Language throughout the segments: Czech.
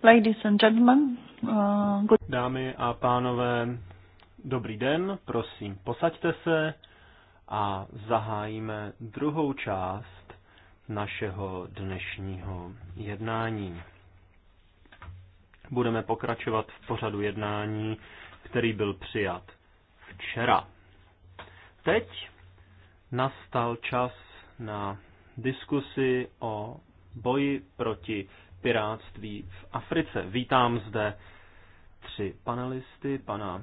Ladies and gentlemen, uh, good... Dámy a pánové, dobrý den, prosím, posaďte se a zahájíme druhou část našeho dnešního jednání. Budeme pokračovat v pořadu jednání, který byl přijat včera. Teď nastal čas na diskusi o boji proti piráctví v Africe. Vítám zde tři panelisty, pana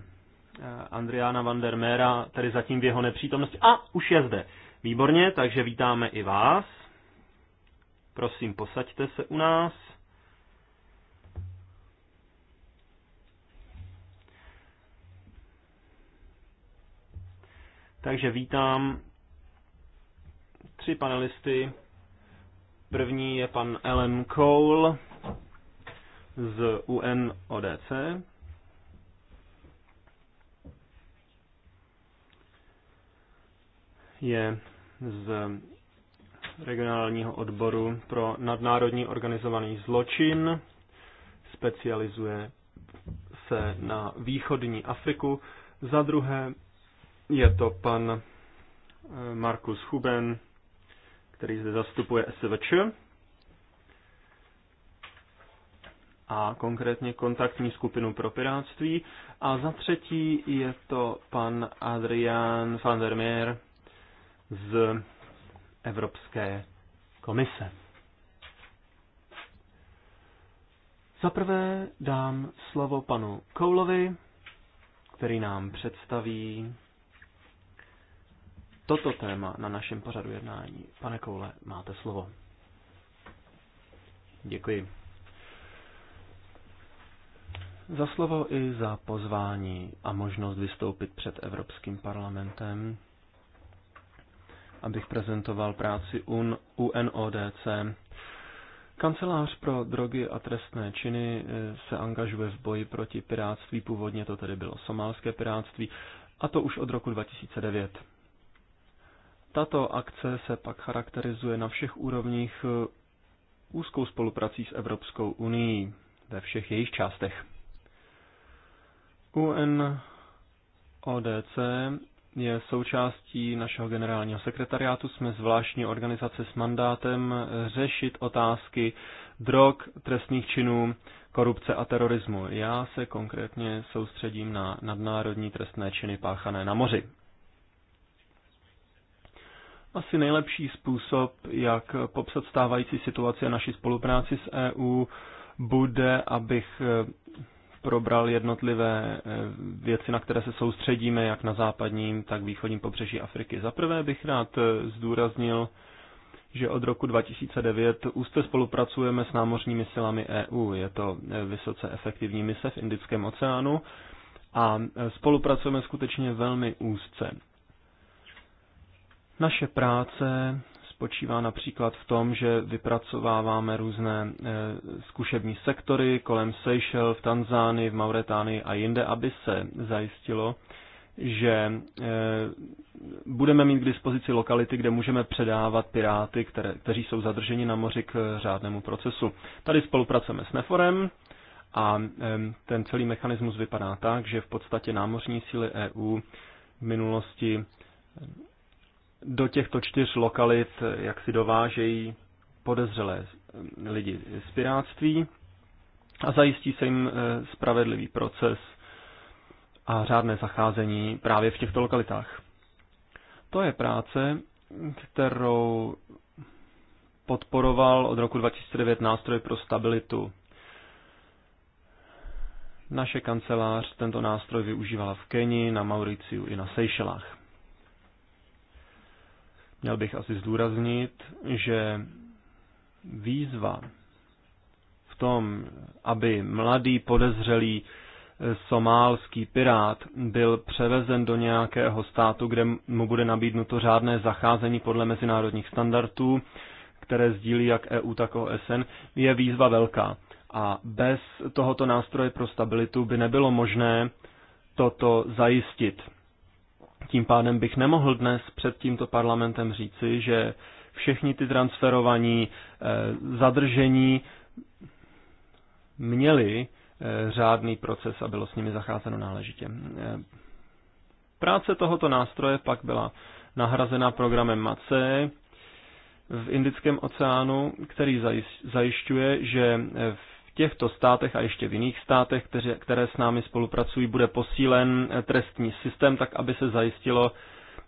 eh, Andriána van der Mera, tedy zatím v jeho nepřítomnosti. A už je zde. Výborně, takže vítáme i vás. Prosím, posaďte se u nás. Takže vítám tři panelisty, První je pan Ellen Cole z UNODC. Je z regionálního odboru pro nadnárodní organizovaný zločin. Specializuje se na východní Afriku. Za druhé je to pan eh, Markus Huben který zde zastupuje SVČ a konkrétně kontaktní skupinu pro piráctví. A za třetí je to pan Adrian van der Meer z Evropské komise. Za prvé dám slovo panu Koulovi, který nám představí toto téma na našem pořadu jednání. Pane Koule, máte slovo. Děkuji. Za slovo i za pozvání a možnost vystoupit před Evropským parlamentem, abych prezentoval práci UN, UNODC. Kancelář pro drogy a trestné činy eh, se angažuje v boji proti piráctví, původně to tedy bylo somálské piráctví, a to už od roku 2009. Tato akce se pak charakterizuje na všech úrovních eh, úzkou spoluprací s Evropskou unii ve všech jejich částech. UNODC je součástí našeho generálního sekretariátu. Jsme zvláštní organizace s mandátem řešit otázky drog, trestných činů, korupce a terorismu. Já se konkrétně soustředím na nadnárodní trestné činy páchané na moři. Asi nejlepší způsob, jak popsat stávající situaci a naši spolupráci s EU, bude, abych eh, probral jednotlivé eh, věci, na které se soustředíme, jak na západním, tak východním pobřeží Afriky. Za prvé bych rád eh, zdůraznil, že od roku 2009 úzce spolupracujeme s námořními silami EU. Je to vysoce efektivní mise v Indickém oceánu a spolupracujeme skutečně velmi úzce. Naše práce spočívá například v tom, že vypracováváme různé eh, zkušební sektory kolem Seychelles, v Tanzánii, v Mauretánii a jinde, aby se zajistilo, že eh, budeme mít k dispozici lokality, kde můžeme předávat piráty, které, kteří jsou zadrženi na moři k eh, řádnému procesu. Tady spolupracujeme s Neforem a ten celý mechanismus vypadá tak, že v podstatě námořní síly EU v minulosti do těchto čtyř lokalit jak si dovážejí podezřelé lidi z piráctví a zajistí se jim eh, spravedlivý proces a řádné zacházení právě v těchto lokalitách. To je práce, kterou podporoval od roku 2009 nástroj pro stabilitu. Naše kancelář tento nástroj využívala v Keni, na Mauriciu i na Seychelách. Měl bych asi zdůraznit, že výzva v tom, aby mladý podezřelý eh, somálský pirát byl převezen do nějakého státu, kde mu bude nabídnuto řádné zacházení podle mezinárodních standardů, které sdílí jak EU, tak OSN, je výzva velká. A bez tohoto nástroje pro stabilitu by nebylo možné toto zajistit. Tím pádem bych nemohl dnes před tímto parlamentem říci, že všechny ty transferovaní eh, zadržení měli eh, řádný proces a bylo s nimi zacházeno náležitě. Eh, práce tohoto nástroje pak byla nahrazena programem MACE v Indickém oceánu, který zajišťuje, že těchto státech a ještě v jiných státech, které, které s námi spolupracují, bude posílen eh, trestní systém, tak aby se zajistilo,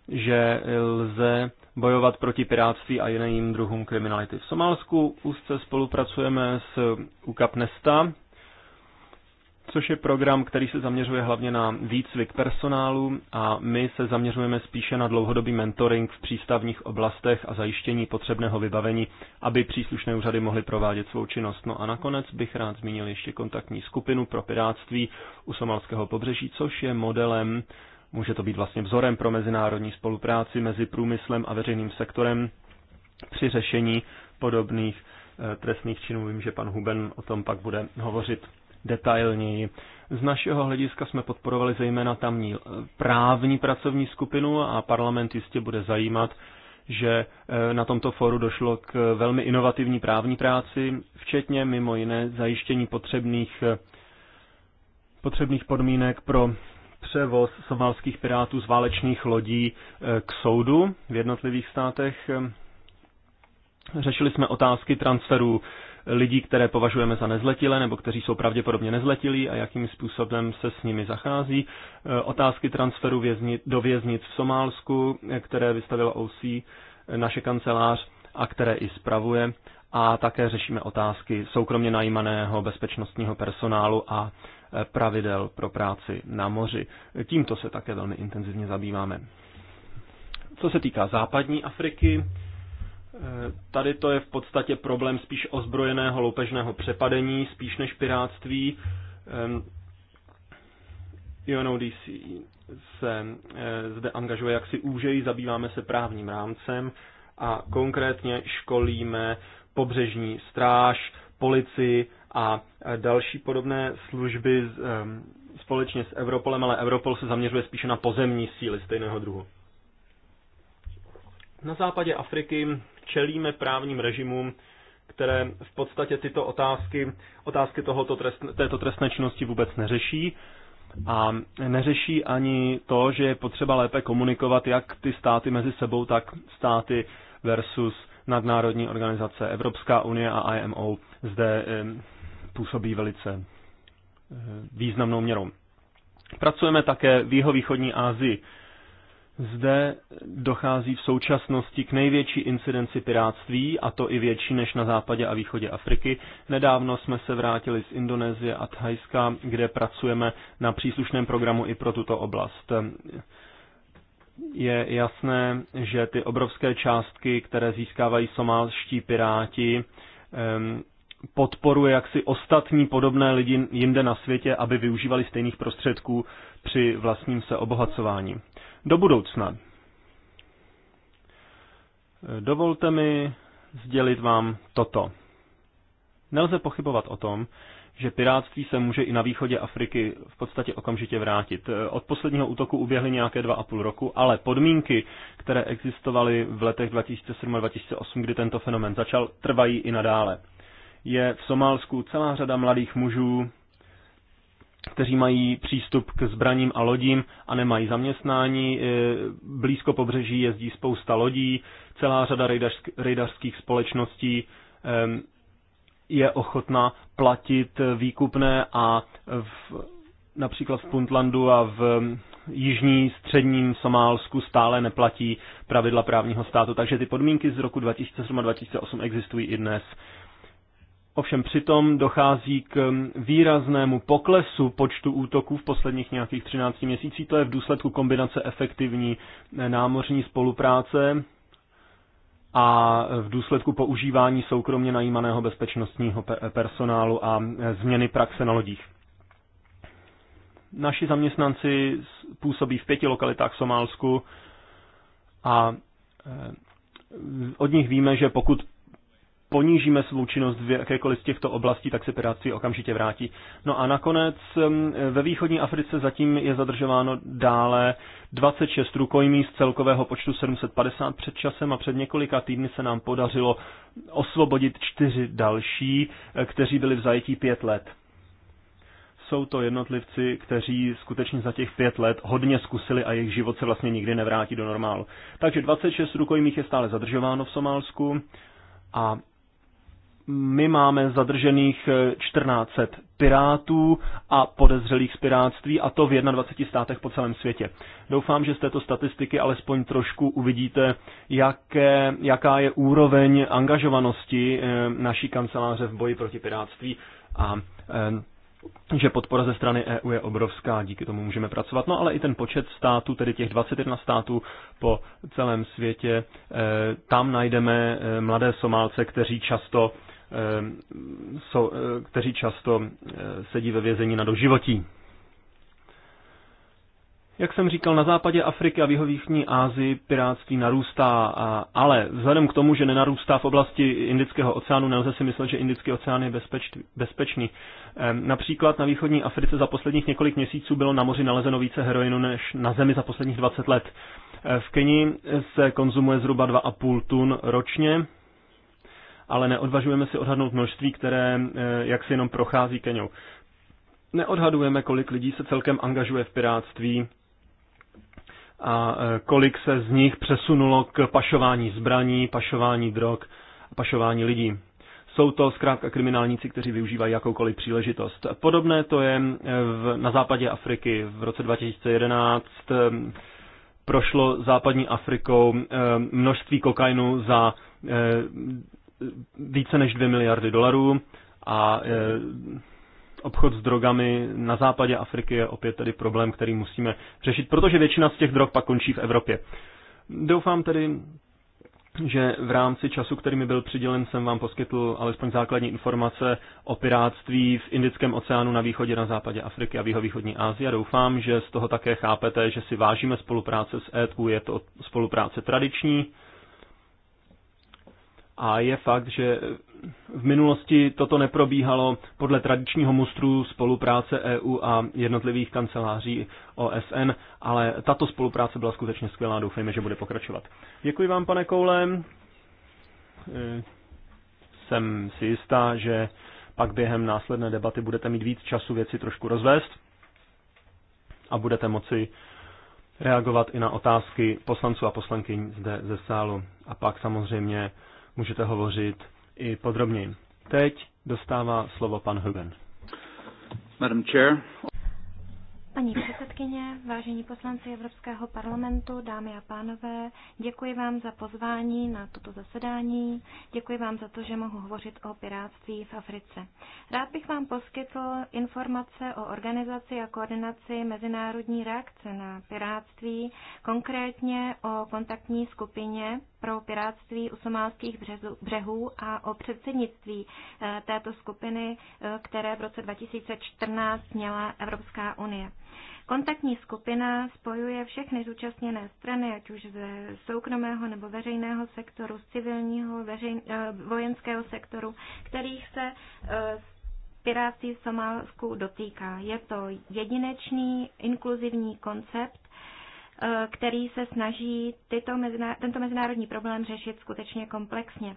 že eh, lze bojovat proti pirátství a jiným druhům kriminality. V Somálsku úzce spolupracujeme s eh, Ukapnesta. Nesta, což je program, který se zaměřuje hlavně na výcvik personálu a my se zaměřujeme spíše na dlouhodobý mentoring v přístavních oblastech a zajištění potřebného vybavení, aby příslušné úřady mohly provádět svou činnost. No a nakonec bych rád zmínil ještě kontaktní skupinu pro piráctví u somalského pobřeží, což je modelem, může to být vlastně vzorem pro mezinárodní spolupráci mezi průmyslem a veřejným sektorem při řešení podobných eh, trestných činů. Vím, že pan Huben o tom pak bude hovořit detailněji. Z našeho hlediska jsme podporovali zejména tamní eh, právní pracovní skupinu a parlament jistě bude zajímat, že eh, na tomto fóru došlo k velmi inovativní právní práci, včetně mimo jiné zajištění potřebných, eh, potřebných podmínek pro převoz somalských pirátů z válečných lodí k soudu v jednotlivých státech. Řešili jsme otázky transferu lidí, které považujeme za nezletilé nebo kteří jsou pravděpodobně nezletilí a jakým způsobem se s nimi zachází. Eh, otázky transferu vězni, do věznic v Somálsku, eh, které vystavila OC, eh, naše kancelář a které i spravuje. A také řešíme otázky soukromně najímaného bezpečnostního personálu a pravidel pro práci na moři. Tímto se také velmi intenzivně zabýváme. Co se týká západní Afriky, Eh, tady to je v podstatě problém spíš ozbrojeného loupežného přepadení, spíš než piráctví. UNODC ehm, se eh, zde angažuje jaksi úžej, zabýváme se právním rámcem a konkrétně školíme pobřežní stráž, policii a eh, další podobné služby ehm, společně s Europolem, ale Europol se zaměřuje spíše na pozemní síly stejného druhu. Na západě Afriky čelíme právním režimům, které v podstatě tyto otázky, otázky tohoto trestne, této trestné činnosti vůbec neřeší. A neřeší ani to, že je potřeba lépe komunikovat jak ty státy mezi sebou, tak státy versus nadnárodní organizace. Evropská unie a IMO zde eh, působí velice eh, významnou měrou. Pracujeme také v jihovýchodní Asii. Zde dochází v současnosti k největší incidenci piráctví, a to i větší než na západě a východě Afriky. Nedávno jsme se vrátili z Indonésie a Thajska, kde pracujeme na příslušném programu i pro tuto oblast. Je jasné, že ty obrovské částky, které získávají somálští piráti, podporuje jaksi ostatní podobné lidi jinde na světě, aby využívali stejných prostředků při vlastním se obohacování do budoucna. Dovolte mi sdělit vám toto. Nelze pochybovat o tom, že piráctví se může i na východě Afriky v podstatě okamžitě vrátit. Od posledního útoku uběhly nějaké dva a půl roku, ale podmínky, které existovaly v letech 2007 a 2008, kdy tento fenomen začal, trvají i nadále. Je v Somálsku celá řada mladých mužů, kteří mají přístup k zbraním a lodím a nemají zaměstnání. E, blízko pobřeží jezdí spousta lodí, celá řada rejdařských společností je ochotna platit výkupné a v, například v Puntlandu a v jižní středním Somálsku stále neplatí pravidla právního státu. Takže ty podmínky z roku 2007 a 2008 existují i dnes. Ovšem přitom dochází k um, výraznému poklesu počtu útoků v posledních nějakých 13 měsících. To je v důsledku kombinace efektivní eh, námořní spolupráce a eh, v důsledku používání soukromně najímaného bezpečnostního personálu a eh, změny praxe na lodích. Naši zaměstnanci působí v pěti lokalitách v Somálsku a od nich víme, že pokud ponížíme svou činnost v jakékoliv z těchto oblastí, tak se piráci okamžitě vrátí. No a nakonec ve východní Africe zatím je zadržováno dále 26 rukojmí z celkového počtu 750 před časem a před několika týdny se nám podařilo osvobodit čtyři další, eh, kteří byli v zajetí pět let. Jsou to jednotlivci, kteří skutečně za těch pět let hodně zkusili a jejich život se vlastně nikdy nevrátí do normálu. Takže 26 rukojmích je stále zadržováno v Somálsku a my máme zadržených 1400 eh, pirátů a podezřelých z piráctví, a to v 21 státech po celém světě. Doufám, že z této statistiky alespoň trošku uvidíte, jaké, jaká je úroveň angažovanosti eh, naší kanceláře v boji proti piráctví a eh, že podpora ze strany EU je obrovská, díky tomu můžeme pracovat. No ale i ten počet států, tedy těch 21 států po celém světě, tam najdeme mladé Somálce, kteří často Eh, eh, kteří často eh, sedí ve vězení na doživotí. Jak jsem říkal, na západě Afriky a v jihovýchní Ázii pirátství narůstá, ale vzhledem k tomu, že nenarůstá v oblasti Indického oceánu, nelze si myslet, že Indický oceán je bezpečný. například na východní Africe za posledních několik měsíců bylo na moři nalezeno více heroinu než na zemi za posledních 20 let. v Keni se konzumuje zhruba 2,5 tun ročně, ale neodvažujeme si odhadnout množství, které eh, jak si jenom prochází Keňou. Neodhadujeme, kolik lidí se celkem angažuje v pirátství a eh, kolik se z nich přesunulo k pašování zbraní, pašování drog a pašování lidí. Jsou to zkrátka kriminálníci, kteří využívají jakoukoliv příležitost. Podobné to je eh, v, na západě Afriky. V roce 2011 prošlo západní Afrikou množství kokainu za více než 2 miliardy dolarů a e, obchod s drogami na západě Afriky je opět tedy problém, který musíme řešit, protože většina z těch drog pak končí v Evropě. Doufám tedy, že v rámci času, který mi byl přidělen, jsem vám poskytl alespoň základní informace o piráctví v Indickém oceánu na východě, na západě Afriky a v jihovýchodní Asii. A doufám, že z toho také chápete, že si vážíme spolupráce s EU. Je to spolupráce tradiční, a je fakt, že v minulosti toto neprobíhalo podle tradičního mustru spolupráce EU a jednotlivých kanceláří OSN, ale tato spolupráce byla skutečně skvělá, doufejme, že bude pokračovat. Děkuji vám, pane Koule. Jsem si jistá, že pak během následné debaty budete mít víc času věci trošku rozvést a budete moci reagovat i na otázky poslanců a poslankyň zde ze sálu. A pak samozřejmě můžete hovořit i podrobněji. Teď dostává slovo pan Hogan. Madam Chair. Paní předsedkyně, vážení poslanci Evropského parlamentu, dámy a pánové, děkuji vám za pozvání na toto zasedání, děkuji vám za to, že mohu hovořit o pirátství v Africe. Rád bych vám poskytl informace o organizaci a koordinaci mezinárodní reakce na pirátství, konkrétně o kontaktní skupině pro piráctví somálských břehů a o předsednictví eh, této skupiny, eh, které v roce 2014 měla Evropská unie. Kontaktní skupina spojuje všechny zúčastněné strany, ať už ze soukromého nebo veřejného sektoru, z civilního, veřej, eh, vojenského sektoru, kterých se piráctví v Somálsku dotýká. Je to jedinečný inkluzivní koncept, který se snaží tyto mezina, tento mezinárodní problém řešit skutečně komplexně.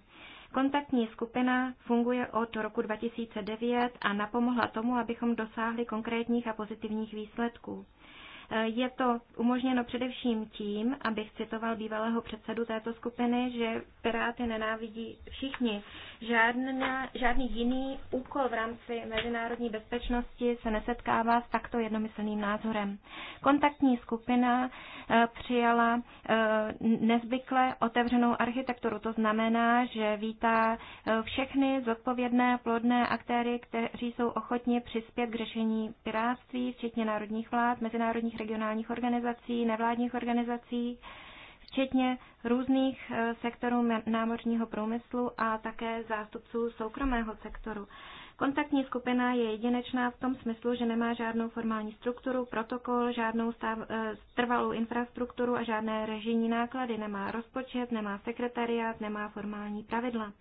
Kontaktní skupina funguje od roku 2009 a napomohla tomu, abychom dosáhli konkrétních a pozitivních výsledků. Je to umožněno především tím, abych citoval bývalého předsedu této skupiny, že Piráty nenávidí všichni. Žádná, žádný jiný úkol v rámci mezinárodní bezpečnosti se nesetkává s takto jednomyslným názorem. Kontaktní skupina eh, přijala eh, nezbykle otevřenou architekturu. To znamená, že vítá eh, všechny zodpovědné plodné aktéry, kteří jsou ochotni přispět k řešení piráctví, včetně národních vlád, mezinárodních regionálních organizací, nevládních organizací, včetně různých eh, sektorů námořního průmyslu a také zástupců soukromého sektoru. Kontaktní skupina je jedinečná v tom smyslu, že nemá žádnou formální strukturu, protokol, žádnou stav, eh, trvalou infrastrukturu a žádné režijní náklady. Nemá rozpočet, nemá sekretariát, nemá formální pravidla.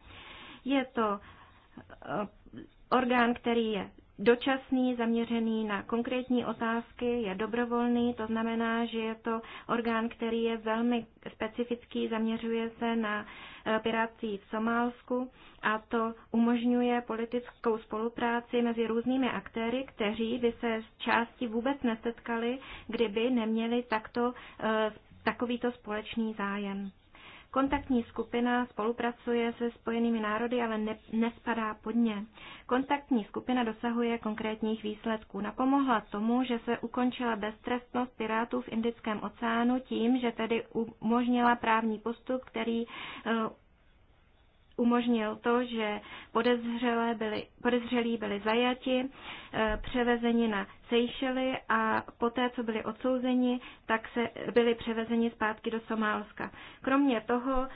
Je to eh, orgán, který je dočasný, zaměřený na konkrétní otázky, je dobrovolný, to znamená, že je to orgán, který je velmi specifický, zaměřuje se na eh, piráctví v Somálsku a to umožňuje politickou spolupráci mezi různými aktéry, kteří by se z části vůbec nesetkali, kdyby neměli takto, eh, takovýto společný zájem. Kontaktní skupina spolupracuje se Spojenými národy, ale ne, nespadá pod ně. Kontaktní skupina dosahuje konkrétních výsledků. Napomohla tomu, že se ukončila beztrestnost pirátů v Indickém oceánu tím, že tedy umožnila právní postup, který eh, umožnil to, že podezřelé byli, podezřelí byli zajati, e, převezeni na Seychely a poté, co byli odsouzeni, tak se byli převezeni zpátky do Somálska. Kromě toho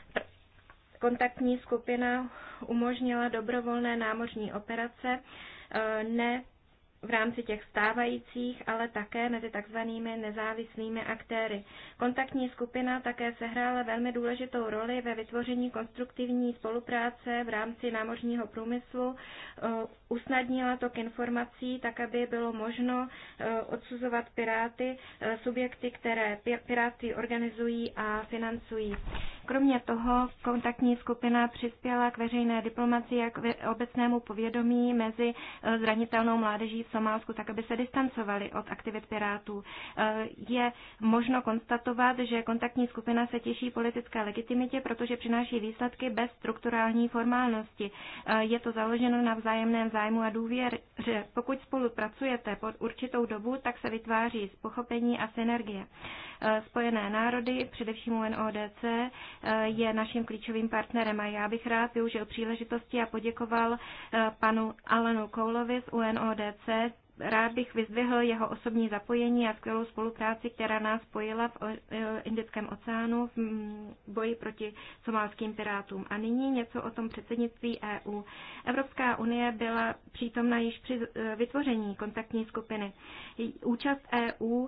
kontaktní skupina umožnila dobrovolné námořní operace e, ne v rámci těch stávajících, ale také mezi takzvanými nezávislými aktéry. Kontaktní skupina také sehrála velmi důležitou roli ve vytvoření konstruktivní spolupráce v rámci námořního průmyslu, e, usnadnila k informací, tak aby bylo možno e, odsuzovat piráty, e, subjekty, které piráty organizují a financují. Kromě toho kontaktní skupina přispěla k veřejné diplomacii a k obecnému povědomí mezi e, zranitelnou mládeží v Somálsku, tak aby se distancovali od aktivit pirátů. E, je možno konstatovat, že kontaktní skupina se těší politické legitimitě, protože přináší výsledky bez strukturální formálnosti. E, je to založeno na vzájemném zájmu a důvěře. Pokud spolupracujete pod určitou dobu, tak se vytváří pochopení a synergie. Spojené národy, především UNODC, Eh, je naším klíčovým partnerem. A já bych rád využil příležitosti a poděkoval eh, panu Alenu Koulovi z UNODC. Rád bych vyzdvihl jeho osobní zapojení a skvělou spolupráci, která nás spojila v eh, Indickém oceánu v mm, boji proti somálským pirátům. A nyní něco o tom předsednictví EU. Evropská unie byla přítomna již při vytvoření kontaktní skupiny. Účast EU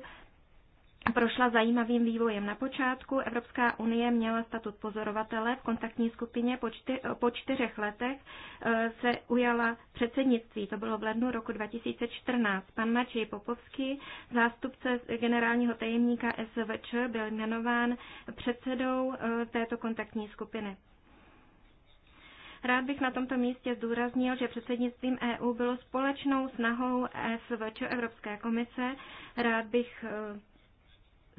prošla zajímavým vývojem. Na počátku Evropská unie měla statut pozorovatele v kontaktní skupině. Po, čty, po čtyřech letech eh, se ujala předsednictví. To bylo v lednu roku 2014. Pan Marčej Popovský, zástupce generálního tajemníka SVČ, byl jmenován předsedou eh, této kontaktní skupiny. Rád bych na tomto místě zdůraznil, že předsednictvím EU bylo společnou snahou SVČ Evropské komise. Rád bych eh,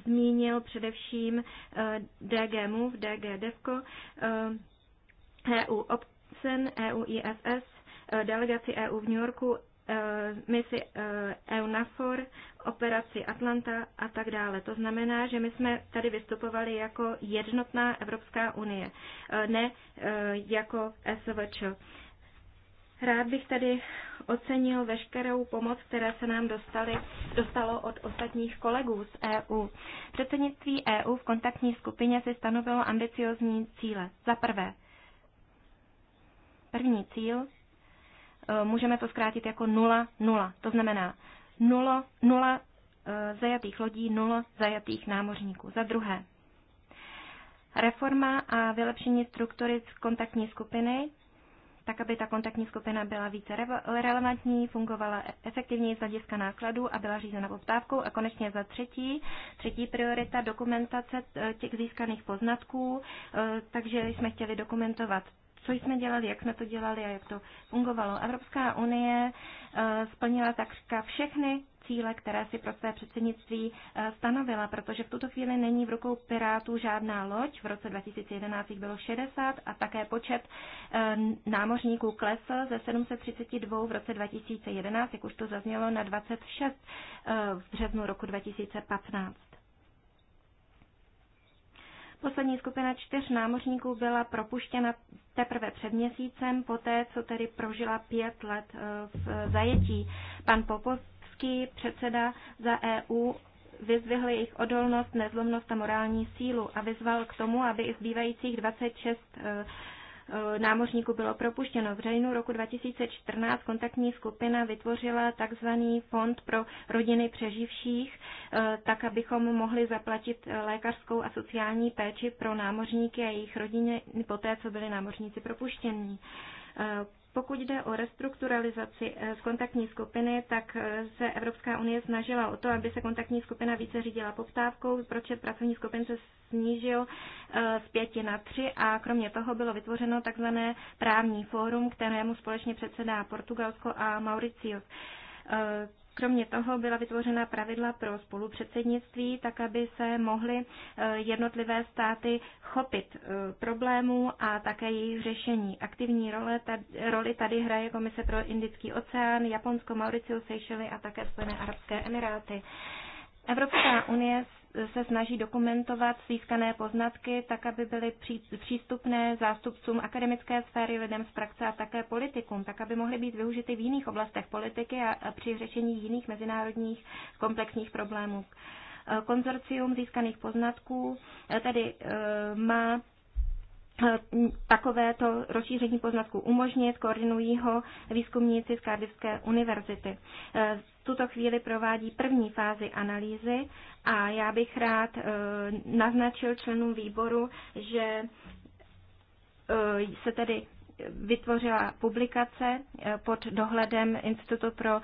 zmínil především eh, DG MOVE, DG DEVCO, EU eh, e Obsen, EU ISS, eh, delegaci EU v New Yorku, misi EUNAFOR, e operaci Atlanta a tak dále. To znamená, že my jsme tady vystupovali jako jednotná Evropská unie, ne jako SVČ. Rád bych tady ocenil veškerou pomoc, která se nám dostali, dostalo od ostatních kolegů z EU. Předsednictví EU v kontaktní skupině si stanovilo ambiciozní cíle. Za prvé, první cíl, e, můžeme to zkrátit jako 0-0, to znamená 0, 0 e, zajatých lodí, 0 zajatých námořníků. Za druhé, reforma a vylepšení struktury kontaktní skupiny tak aby ta kontaktní skupina byla více relevantní, fungovala e-, efektivněji z hlediska nákladů a byla řízena poptávkou. A konečně za třetí, třetí priorita dokumentace e, těch získaných poznatků, e, takže jsme chtěli dokumentovat co jsme dělali, jak jsme to dělali a jak to fungovalo. Evropská unie splnila takřka všechny cíle, které si pro své předsednictví eh, stanovila, protože v tuto chvíli není v rukou Pirátů žádná loď. V roce 2011 jich bylo 60 a také počet eh, námořníků klesl ze 732 v roce 2011, jak už to zaznělo, na 26 eh, v březnu roku 2015. Poslední skupina čtyř námořníků byla propuštěna teprve před měsícem, poté co tedy prožila pět let v zajetí. Pan Popov Evropský předseda za EU vyzvihl jejich odolnost, nezlomnost a morální sílu a vyzval k tomu, aby i zbývajících 26 eh, eh, námořníků bylo propuštěno. V březnu roku 2014 kontaktní skupina vytvořila takzvaný fond pro rodiny přeživších, eh, tak abychom mohli zaplatit lékařskou a sociální péči pro námořníky a jejich rodiny poté, co byli námořníci propuštěni. Pokud jde o restrukturalizaci eh, z kontaktní skupiny, tak eh, se Evropská unie snažila o to, aby se kontaktní skupina více řídila poptávkou. Počet pracovní skupin se snížil eh, z pěti na tři a kromě toho bylo vytvořeno takzvané právní fórum, kterému společně předsedá Portugalsko a Mauricius. Kromě toho byla vytvořena pravidla pro spolupředsednictví, tak aby se mohly eh, jednotlivé státy chopit eh, problémů a také jejich řešení. Aktivní role tady, roli tady hraje Komise pro Indický oceán, Japonsko, Mauricius, Seychelles a také Spojené arabské emiráty. Evropská unie se snaží dokumentovat získané poznatky tak, aby byly přístupné zástupcům akademické sféry, lidem z praxe a také politikům, tak, aby mohly být využity v jiných oblastech politiky a při řešení jiných mezinárodních komplexních problémů. Konzorcium získaných poznatků eh, tedy eh, má takovéto rozšíření poznatků umožnit, koordinují ho výzkumníci z Kardivské univerzity. E, v tuto chvíli provádí první fázi analýzy a já bych rád e, naznačil členům výboru, že e, se tedy vytvořila publikace pod dohledem Institutu pro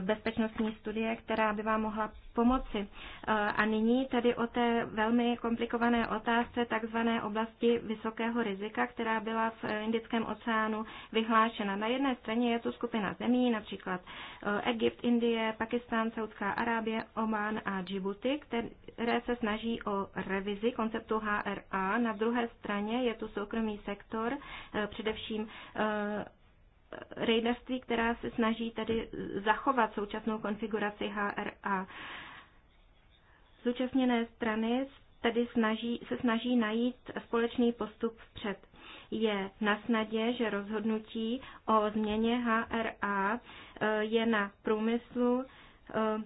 bezpečnostní studie, která by vám mohla pomoci. Eh, a nyní tady o té velmi komplikované otázce takzvané oblasti vysokého rizika, která byla v Indickém oceánu vyhlášena. Na jedné straně je tu skupina zemí, například eh, Egypt, Indie, Pakistán, Saudská Arábie, Oman a Djibouti, které se snaží o revizi konceptu HRA. Na druhé straně je tu soukromý sektor, eh, především rejderství, která se snaží tedy zachovat současnou konfiguraci HRA zúčastněné strany tedy snaží, se snaží najít společný postup vpřed. Je na snadě, že rozhodnutí o změně HRA eh, je na průmyslu, eh,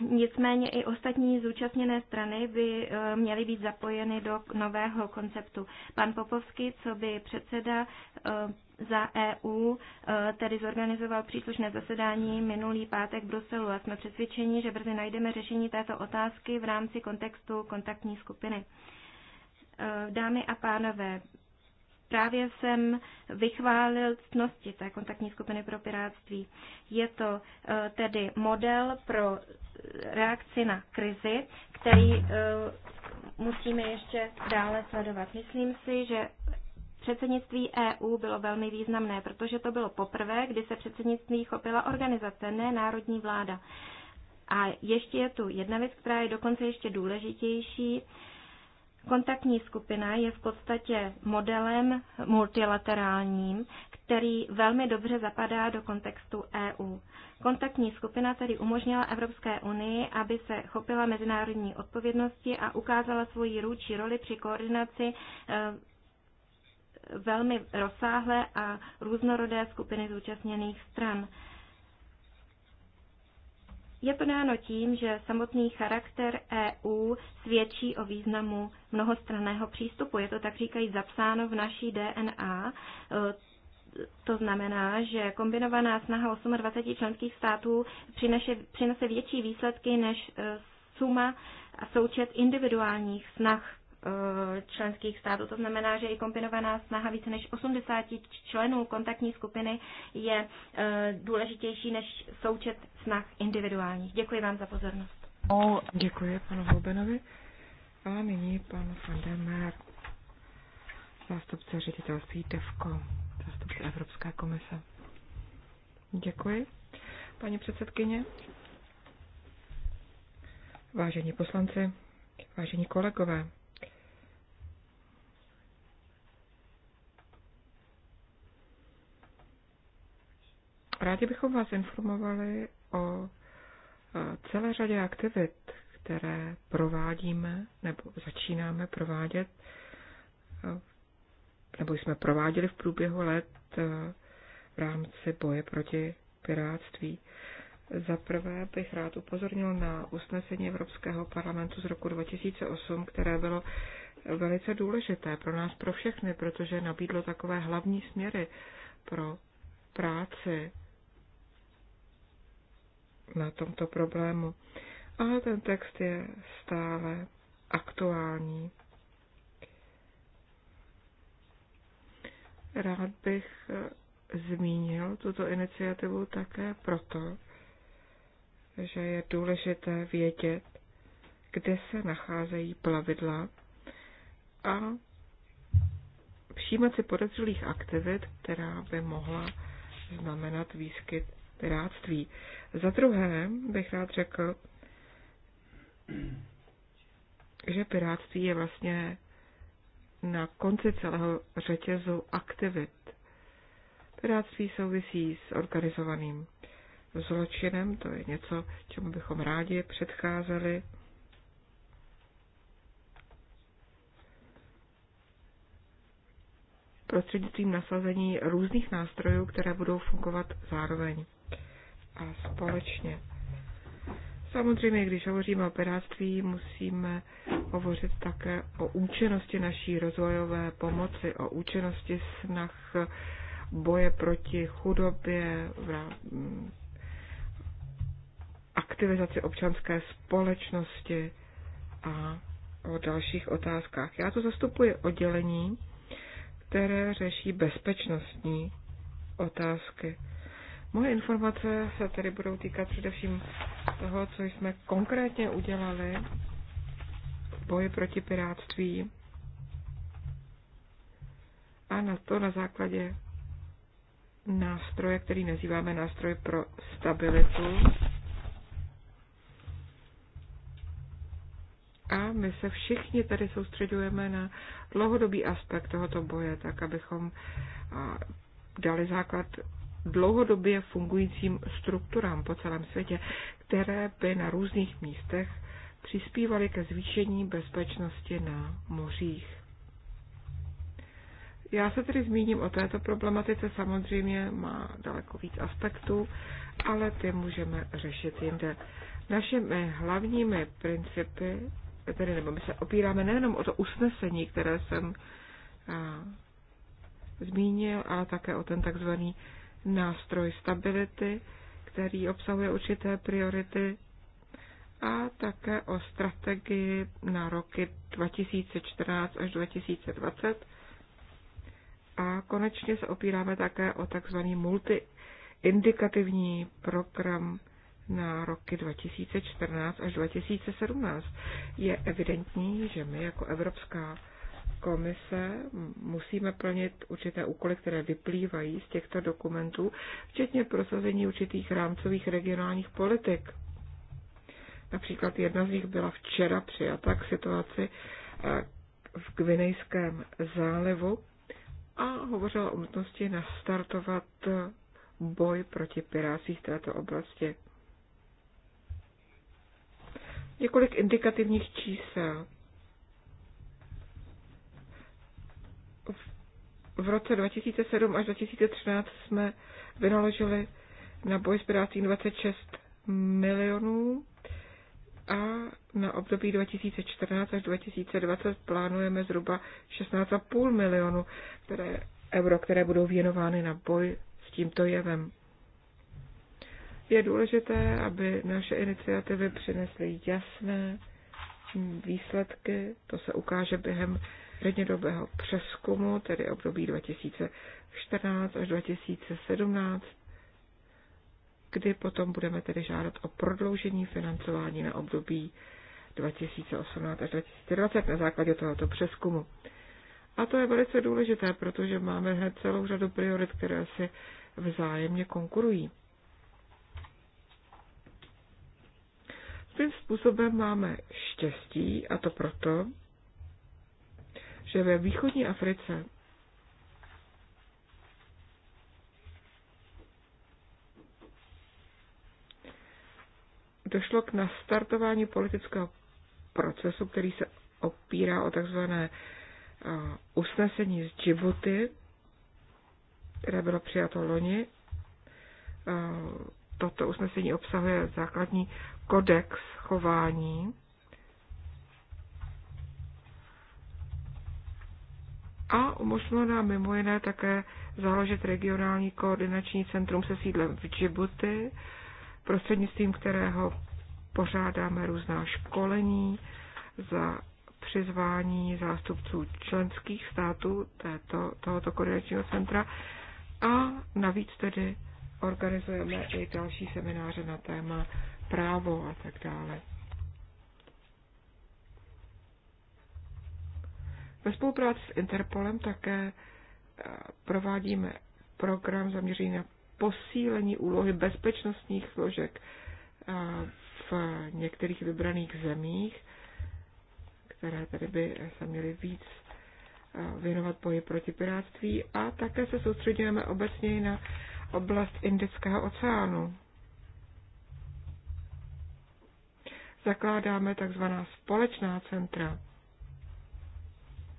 Nicméně i ostatní zúčastněné strany by eh, měly být zapojeny do nového konceptu. Pan Popovský, co by předseda eh, za EU, eh, tedy zorganizoval příslušné zasedání minulý pátek v Bruselu a jsme přesvědčeni, že brzy najdeme řešení této otázky v rámci kontextu kontaktní skupiny. Dámy a pánové, Právě jsem vychválil ctnosti té kontaktní skupiny pro piráctví. Je to eh, tedy model pro eh, reakci na krizi, který eh, musíme ještě dále sledovat. Myslím si, že Předsednictví EU bylo velmi významné, protože to bylo poprvé, kdy se předsednictví chopila organizace, ne národní vláda. A ještě je tu jedna věc, která je dokonce ještě důležitější. Kontaktní skupina je v podstatě modelem multilaterálním, který velmi dobře zapadá do kontextu EU. Kontaktní skupina tedy umožnila Evropské unii, aby se chopila mezinárodní odpovědnosti a ukázala svoji růči roli při koordinaci eh, velmi rozsáhlé a různorodé skupiny zúčastněných stran. Je to tím, že samotný charakter EU svědčí o významu mnohostranného přístupu. Je to tak říkají zapsáno v naší DNA. To znamená, že kombinovaná snaha 28 členských států přinese, přinese větší výsledky než e, suma a součet individuálních snah Eh, členských států. To znamená, že i kombinovaná snaha více než 80 členů kontaktní skupiny je eh, důležitější než součet snah individuálních. Děkuji vám za pozornost. No, děkuji panu Holbenovi. A nyní pan Fandemer, zástupce ředitelství DEVKO, zástupce Evropské komise. Děkuji, paní předsedkyně. Vážení poslanci, vážení kolegové, Rádi bychom vás informovali o e, celé řadě aktivit, které provádíme nebo začínáme provádět, e, nebo jsme prováděli v průběhu let e, v rámci boje proti piráctví. Za prvé bych rád upozornil na usnesení Evropského parlamentu z roku 2008, které bylo velice důležité pro nás, pro všechny, protože nabídlo takové hlavní směry pro práci na tomto problému. Ale ten text je stále aktuální. Rád bych eh, zmínil tuto iniciativu také proto, že je důležité vědět, kde se nacházejí plavidla a všímat si podezřelých aktivit, která by mohla znamenat výskyt piráctví. Za druhé bych rád řekl, že piráctví je vlastně na konci celého řetězu aktivit. Piráctví souvisí s organizovaným zločinem, to je něco, čemu bychom rádi předcházeli. prostřednictvím nasazení různých nástrojů, které budou fungovat zároveň a společně. Samozřejmě, když hovoříme o piráctví, musíme hovořit také o účinnosti naší rozvojové pomoci, o účinnosti snah boje proti chudobě, aktivizaci občanské společnosti a o dalších otázkách. Já tu zastupuji oddělení, které řeší bezpečnostní otázky. Moje informace se tedy budou týkat především toho, co jsme konkrétně udělali v boji proti pirátství a na to na základě nástroje, který nazýváme nástroj pro stabilitu. A my se všichni tady soustředujeme na dlouhodobý aspekt tohoto boje, tak abychom dali základ dlouhodobě fungujícím strukturám po celém světě, které by na různých místech přispívaly ke zvýšení bezpečnosti na mořích. Já se tedy zmíním o této problematice, samozřejmě má daleko víc aspektů, ale ty můžeme řešit jinde. Našimi hlavními principy, tedy nebo my se opíráme nejenom o to usnesení, které jsem a, eh, zmínil, ale také o ten takzvaný nástroj stability, který obsahuje určité priority a také o strategii na roky 2014 až 2020. A konečně se opíráme také o tzv. multiindikativní program na roky 2014 až 2017. Je evidentní, že my jako Evropská komise musíme plnit určité úkoly, které vyplývají z těchto dokumentů, včetně prosazení určitých rámcových regionálních politik. Například jedna z nich byla včera přijata k situaci eh, v Gvinejském zálivu a hovořila o nutnosti nastartovat boj proti pirácích v této oblasti. Několik indikativních čísel. v roce 2007 až 2013 jsme vynaložili na boj s pirátí 26 milionů a na období 2014 až 2020 plánujeme zhruba 16,5 milionů které, euro, které budou věnovány na boj s tímto jevem. Je důležité, aby naše iniciativy přinesly jasné výsledky, to se ukáže během střednědobého přeskumu, tedy období 2014 až 2017, kdy potom budeme tedy žádat o prodloužení financování na období 2018 až 2020 na základě tohoto přeskumu. A to je velice důležité, protože máme hned celou řadu priorit, které si vzájemně konkurují. Tím způsobem máme štěstí, a to proto, že ve východní Africe došlo k nastartování politického procesu, který se opírá o takzvané eh, usnesení z Djibouti, které bylo přijato loni. Eh, toto usnesení obsahuje základní kodex chování a umožnilo nám mimo jiné také založit regionální koordinační centrum se sídlem v Džibuti, prostřednictvím kterého pořádáme různá školení za přizvání zástupců členských států této, tohoto koordinačního centra a navíc tedy organizujeme i další semináře na téma právo a tak dále. Ve spolupráci s Interpolem také eh, provádíme program zaměřený na posílení úlohy bezpečnostních složek eh, v některých vybraných zemích, které tady by se měly víc eh, věnovat boji proti pirátství a také se soustředujeme obecně na oblast Indického oceánu. Zakládáme takzvaná společná centra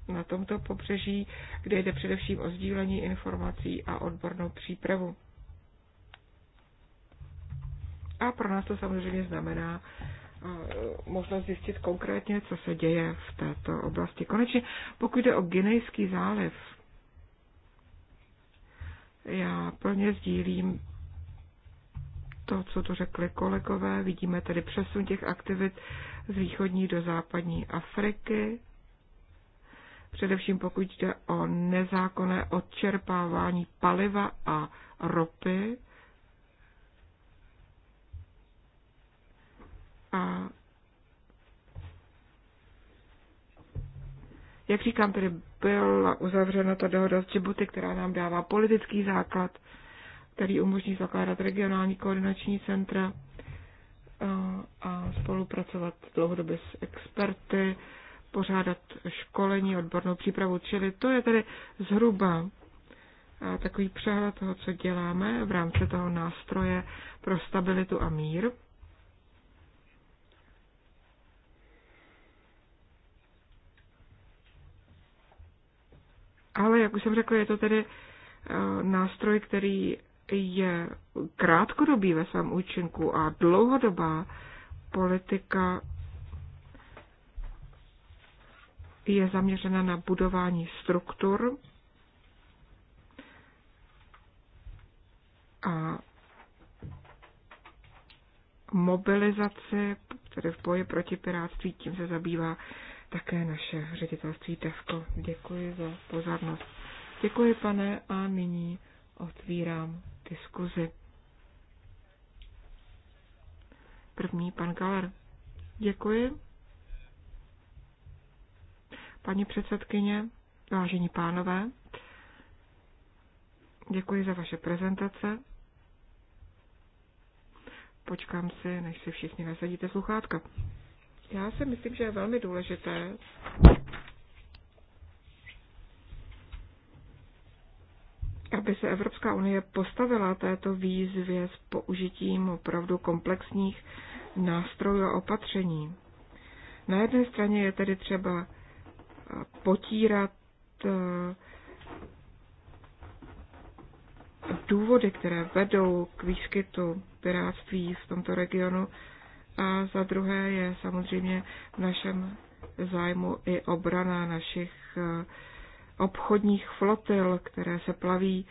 na tomto pobřeží, kde jde především o sdílení informací a odbornou přípravu. A pro nás to samozřejmě znamená eh, možnost zjistit konkrétně, co se děje v této oblasti. Konečně, pokud jde o Ginejský záliv, já plně sdílím to, co tu řekli kolegové. Vidíme tady přesun těch aktivit z východní do západní Afriky především pokud jde o nezákonné odčerpávání paliva a ropy. A jak říkám, tedy byla uzavřena ta dohoda s Djibouti, která nám dává politický základ, který umožní zakládat regionální koordinační centra a spolupracovat dlouhodobě s experty, pořádat školení, odbornou přípravu, čili to je tedy zhruba takový přehled toho, co děláme v rámci toho nástroje pro stabilitu a mír. Ale, jak už jsem řekla, je to tedy e, nástroj, který je krátkodobý ve svém účinku a dlouhodobá politika je zaměřena na budování struktur a mobilizaci, tedy v boji proti pirátství, tím se zabývá také naše ředitelství TEFKO. Děkuji za pozornost. Děkuji, pane, a nyní otvírám diskuzi. První pan Galer. Děkuji paní předsedkyně, vážení pánové. Děkuji za vaše prezentace. Počkám si, než si všichni nasadíte sluchátka. Já si myslím, že je velmi důležité aby se Evropská unie postavila této výzvě s použitím opravdu komplexních nástrojů a opatření. Na jedné straně je tedy třeba potírat eh, důvody, které vedou k výskytu piráctví v tomto regionu. A za druhé je samozřejmě v našem zájmu i obrana našich eh, obchodních flotil, které se plaví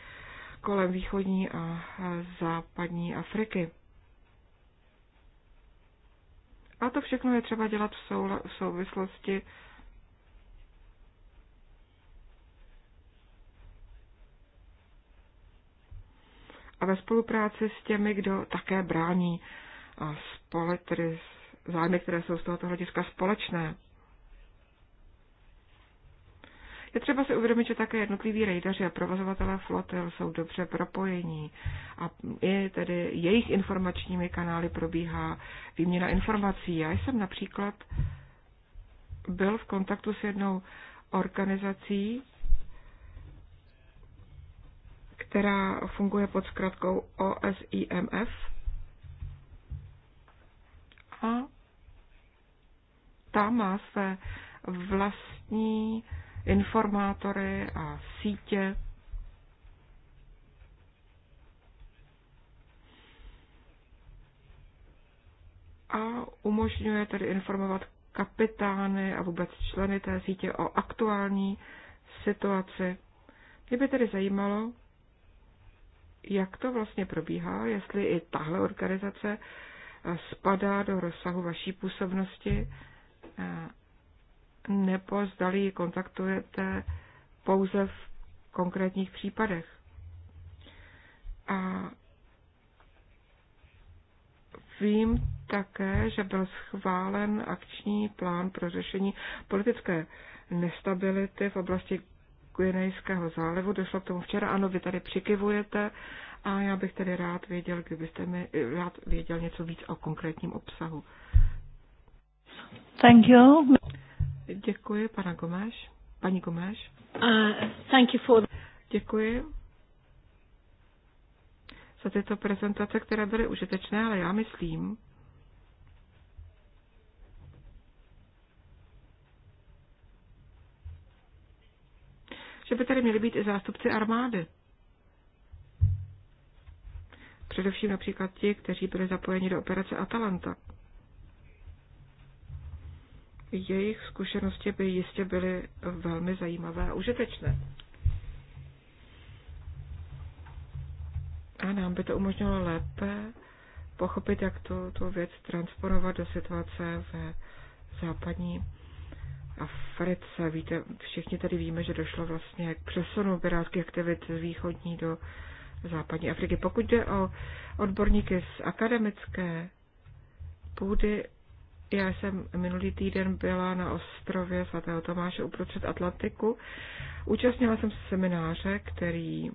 kolem východní a západní Afriky. A to všechno je třeba dělat v souvislosti a ve spolupráci s těmi, kdo také brání spole, tedy zájmy, které jsou z tohoto hlediska společné. Je třeba si uvědomit, že také jednotliví rejdaři a provozovatelé flotil jsou dobře propojení a i tedy jejich informačními kanály probíhá výměna informací. Já jsem například byl v kontaktu s jednou organizací, která funguje pod zkratkou OSIMF. A ta má své vlastní informátory a sítě. A umožňuje tedy informovat kapitány a vůbec členy té sítě o aktuální situaci. Mě by tedy zajímalo, jak to vlastně probíhá, jestli i tahle organizace eh, spadá do rozsahu vaší působnosti, eh, nebo zdali ji kontaktujete pouze v konkrétních případech. A vím také, že byl schválen akční plán pro řešení politické nestability v oblasti Guinejského zálivu. Došlo k tomu včera, ano, vy tady přikivujete a já bych tedy rád věděl, kdybyste mi rád věděl něco víc o konkrétním obsahu. Thank you. Děkuji, pana Gomáš. Paní Gomáš. Uh, thank you for... Děkuji za tyto prezentace, které byly užitečné, ale já myslím, že by tady měli být i zástupci armády. Především například ti, kteří byli zapojeni do operace Atalanta. Jejich zkušenosti by jistě byly velmi zajímavé a užitečné. A nám by to umožnilo lépe pochopit, jak to, tu věc transponovat do situace ve západní a Africe. Víte, všichni tady víme, že došlo vlastně k přesunu pirátských aktivit z východní do západní Afriky. Pokud jde o odborníky z akademické půdy, já jsem minulý týden byla na ostrově svatého Tomáše uprostřed Atlantiku. Účastnila jsem se semináře, který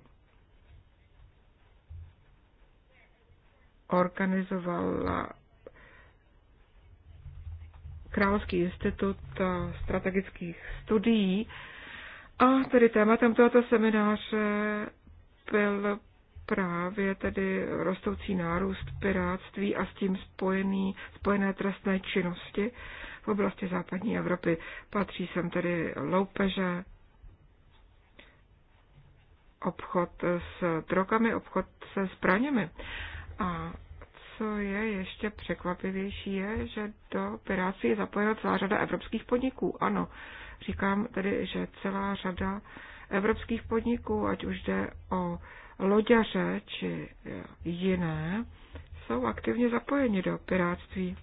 organizovala Královský institut eh, strategických studií. A tedy tématem tohoto semináře byl právě tedy rostoucí nárůst piráctví a s tím spojený, spojené trestné činnosti v oblasti západní Evropy. Patří sem tedy loupeže, obchod s drogami, obchod se zbraněmi. A co je ještě překvapivější, je, že do Pirátství je zapojena celá řada evropských podniků. Ano, říkám tedy, že celá řada evropských podniků, ať už jde o loďaře či jiné, jsou aktivně zapojeni do Pirátství.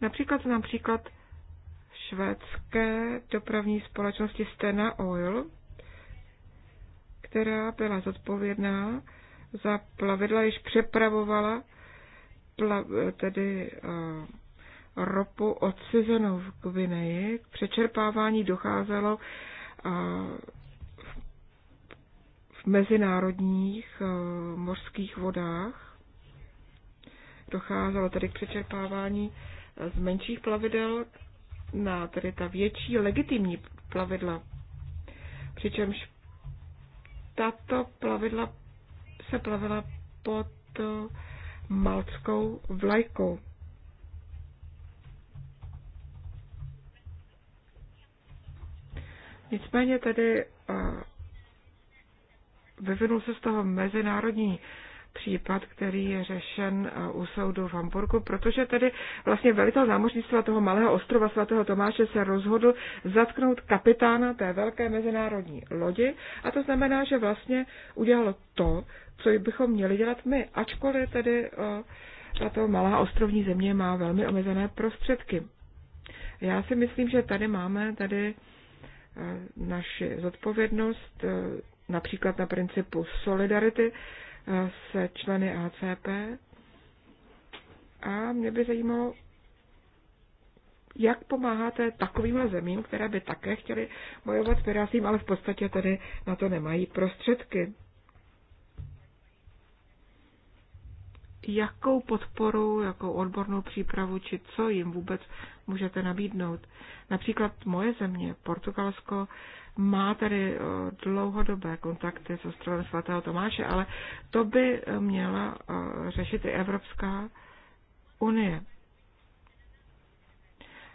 Například znám příklad švédské dopravní společnosti Stena Oil, která byla zodpovědná za plavidla již přepravovala plav, tedy uh, ropu odcizenou v Gvineji. K přečerpávání docházelo uh, v mezinárodních uh, mořských vodách. Docházelo tedy k přečerpávání z menších plavidel na tedy ta větší legitimní plavidla. Přičemž tato plavidla se plavila pod eh, malckou vlajkou. Nicméně tady eh, vyvinul se z toho mezinárodní případ, který je řešen eh, u soudu v Hamburgu, protože tedy vlastně velitel námořnictva toho malého ostrova svatého Tomáše se rozhodl zatknout kapitána té velké mezinárodní lodi a to znamená, že vlastně udělalo to, co bychom měli dělat my, ačkoliv tedy eh, tato malá ostrovní země má velmi omezené prostředky. Já si myslím, že tady máme tady eh, naši zodpovědnost, například na principu solidarity, se členy ACP. A mě by zajímalo, jak pomáháte takovým zemím, které by také chtěly bojovat s pirátím, ale v podstatě tady na to nemají prostředky. jakou podporu, jakou odbornou přípravu, či co jim vůbec můžete nabídnout. Například moje země, Portugalsko, má tady eh, dlouhodobé kontakty s ostrovem svatého Tomáše, ale to by měla eh, řešit i Evropská unie.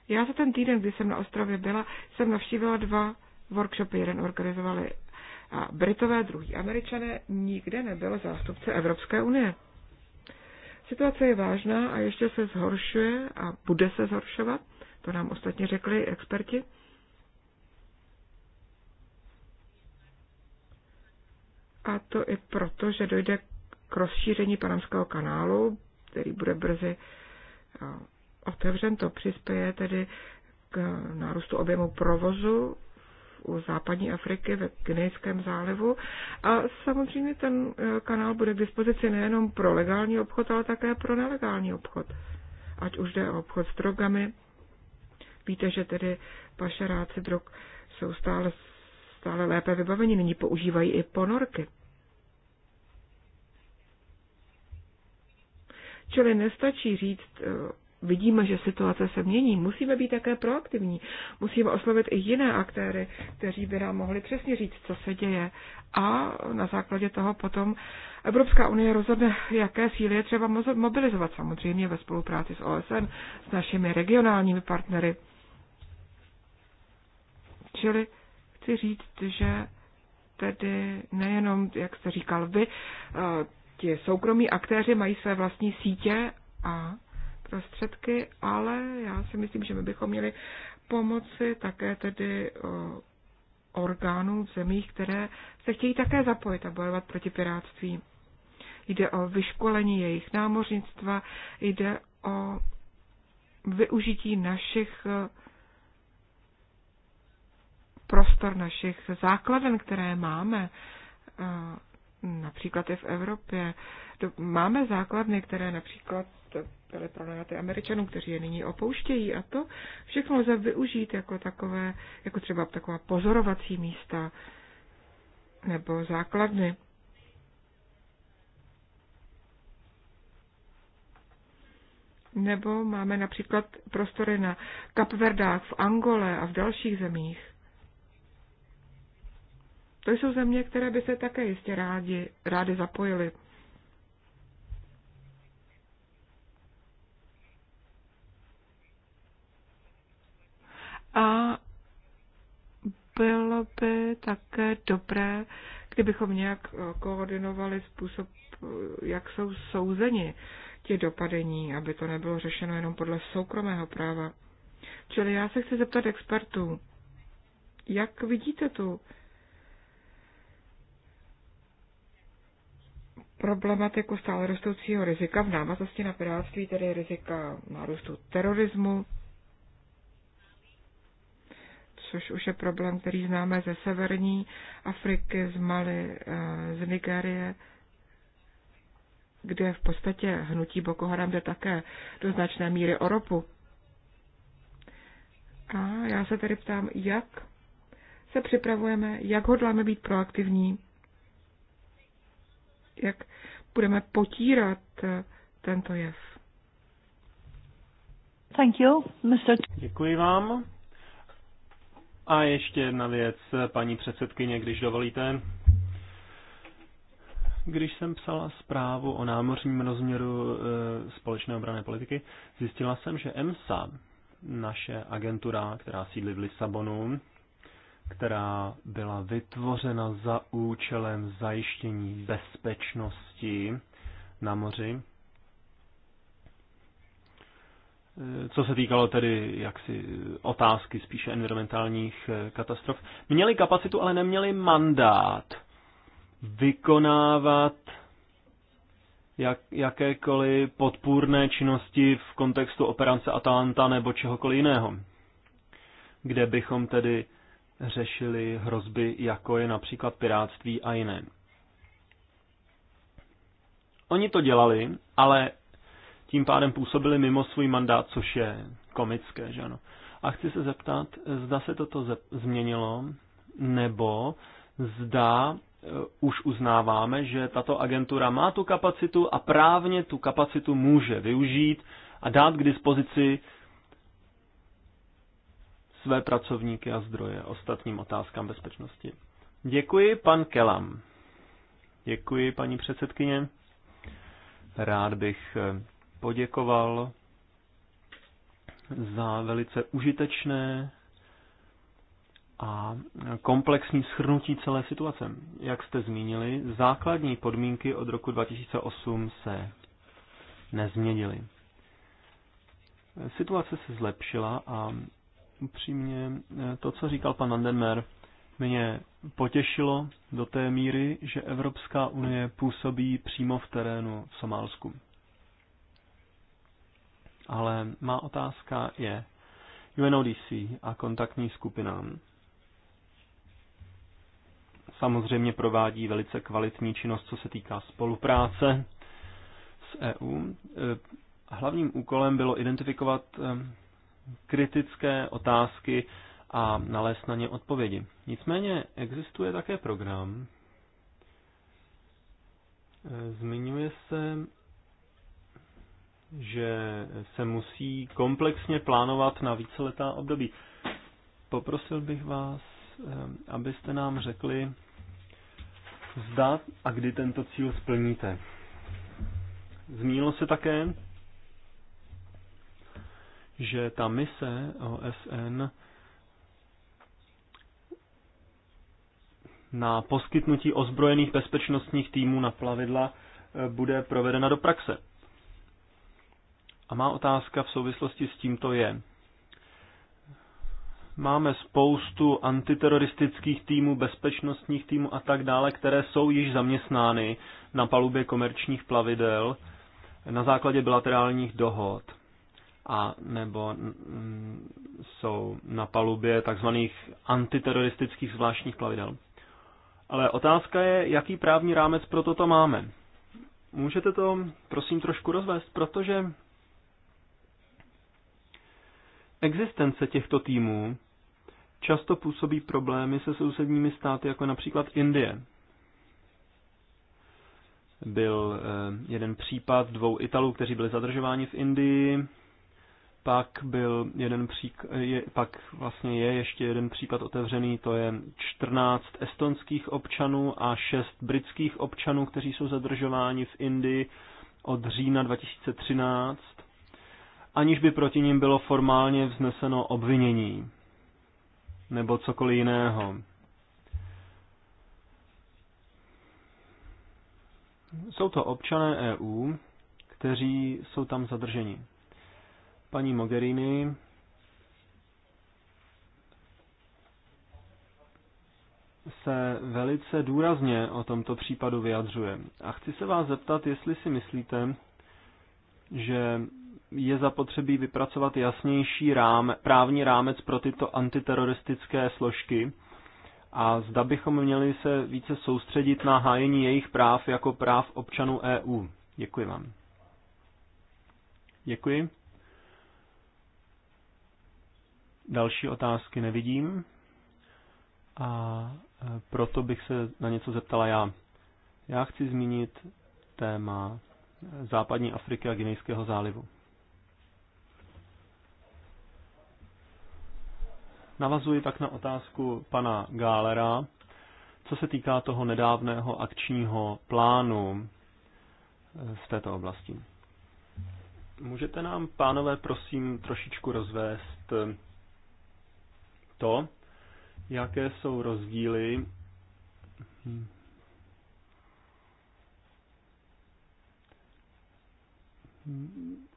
Já za ten týden, kdy jsem na ostrově byla, jsem navštívila dva workshopy. Jeden organizovali Britové, druhý Američané. Nikde nebyl zástupce Evropské unie. Situace je vážná a ještě se zhoršuje a bude se zhoršovat. To nám ostatně řekli experti. A to i proto, že dojde k rozšíření Panamského kanálu, který bude brzy eh, otevřen. To přispěje tedy k nárůstu objemu provozu u západní Afriky ve Gnejském zálivu. A samozřejmě ten eh, kanál bude k dispozici nejenom pro legální obchod, ale také pro nelegální obchod. Ať už jde o obchod s drogami. Víte, že tedy pašeráci drog jsou stále, stále lépe vybaveni, nyní používají i ponorky. Čili nestačí říct, eh, vidíme, že situace se mění, musíme být také proaktivní. Musíme oslovit i jiné aktéry, kteří by nám mohli přesně říct, co se děje. A na základě toho potom Evropská unie rozhodne, jaké síly je třeba mobilizovat, samozřejmě ve spolupráci s OSN, s našimi regionálními partnery. Čili chci říct, že tedy nejenom, jak jste říkal vy, eh, ti soukromí aktéři mají své vlastní sítě a prostředky, ale já si myslím, že my bychom měli pomoci také tedy orgánů v zemích, které se chtějí také zapojit a bojovat proti pirátství. Jde o vyškolení jejich námořnictva, jde o využití našich prostor, našich základen, které máme například i v Evropě. Máme základny, které například byly pronajaty Američanům, kteří je nyní opouštějí a to všechno lze využít jako takové, jako třeba taková pozorovací místa nebo základny. Nebo máme například prostory na Kapverdách v Angole a v dalších zemích. To jsou země, které by se také jistě rádi, rádi zapojily. A bylo by také dobré, kdybychom nějak eh, koordinovali způsob, eh, jak jsou souzeni ti dopadení, aby to nebylo řešeno jenom podle soukromého práva. Čili já se chci zeptat expertů, jak vidíte tu problematiku stále rostoucího rizika v návaznosti na pirátství, tedy rizika nárůstu terorismu, což už je problém, který známe ze severní Afriky, z Mali, eh, z Nigérie, kde v podstatě hnutí Boko Haram jde také do značné míry o ropu. A já se tedy ptám, jak se připravujeme, jak hodláme být proaktivní jak budeme potírat eh, tento jev. Thank you, Mr. Děkuji vám. A ještě jedna věc, paní předsedkyně, když dovolíte. Když jsem psala zprávu o námořním rozměru e, společné obrané politiky, zjistila jsem, že EMSA, naše agentura, která sídlí v Lisabonu, která byla vytvořena za účelem zajištění bezpečnosti na moři. Co se týkalo tedy jaksi otázky spíše environmentálních eh, katastrof, měli kapacitu, ale neměli mandát vykonávat jak, jakékoliv podpůrné činnosti v kontextu operace Atalanta nebo čehokoliv jiného, kde bychom tedy řešili hrozby, jako je například piráctví a jiné. Oni to dělali, ale tím pádem působili mimo svůj mandát, což je komické, že ano. A chci se zeptat, zda se toto změnilo, nebo zda eh, už uznáváme, že tato agentura má tu kapacitu a právně tu kapacitu může využít a dát k dispozici své pracovníky a zdroje ostatním otázkám bezpečnosti. Děkuji, pan Kelam. Děkuji, paní předsedkyně. Rád bych eh, poděkoval za velice užitečné a komplexní shrnutí celé situace. Jak jste zmínili, základní podmínky od roku 2008 se nezměnily. Situace se zlepšila a upřímně, eh, to, co říkal pan Vandenmer, mě potěšilo do té míry, že Evropská unie působí přímo v terénu v Somálsku. Ale má otázka je UNODC a kontaktní skupinám. Samozřejmě provádí velice kvalitní činnost, co se týká spolupráce s EU. Eh, hlavním úkolem bylo identifikovat eh, kritické otázky a nalézt na ně odpovědi. Nicméně existuje také program, eh, zmiňuje se, že se musí komplexně plánovat na víceletá období. Poprosil bych vás, eh, abyste nám řekli, zda a kdy tento cíl splníte. Zmínilo se také, že ta mise OSN na poskytnutí ozbrojených bezpečnostních týmů na plavidla eh, bude provedena do praxe. A má otázka v souvislosti s tímto je. Máme spoustu antiteroristických týmů, bezpečnostních týmů a tak dále, které jsou již zaměstnány na palubě komerčních plavidel na základě bilaterálních dohod a nebo mm, jsou na palubě takzvaných antiteroristických zvláštních plavidel. Ale otázka je, jaký právní rámec pro toto máme. Můžete to, prosím, trošku rozvést, protože existence těchto týmů často působí problémy se sousedními státy, jako například Indie. Byl eh, jeden případ dvou Italů, kteří byli zadržováni v Indii, pak byl jeden přík, je, pak vlastně je ještě jeden případ otevřený, to je 14 estonských občanů a 6 britských občanů, kteří jsou zadržováni v Indii od října 2013, aniž by proti ním bylo formálně vzneseno obvinění nebo cokoliv jiného. Jsou to občané EU, kteří jsou tam zadrženi paní Mogherini se velice důrazně o tomto případu vyjadřuje. A chci se vás zeptat, jestli si myslíte, že je zapotřebí vypracovat jasnější rám, právní rámec pro tyto antiteroristické složky a zda bychom měli se více soustředit na hájení jejich práv jako práv občanů EU. Děkuji vám. Děkuji. Další otázky nevidím a e, proto bych se na něco zeptala já. Já chci zmínit téma e, západní Afriky a Guinejského zálivu. Navazuji tak na otázku pana Gálera, co se týká toho nedávného akčního plánu e, v této oblasti. Můžete nám, pánové, prosím, trošičku rozvést to, jaké jsou rozdíly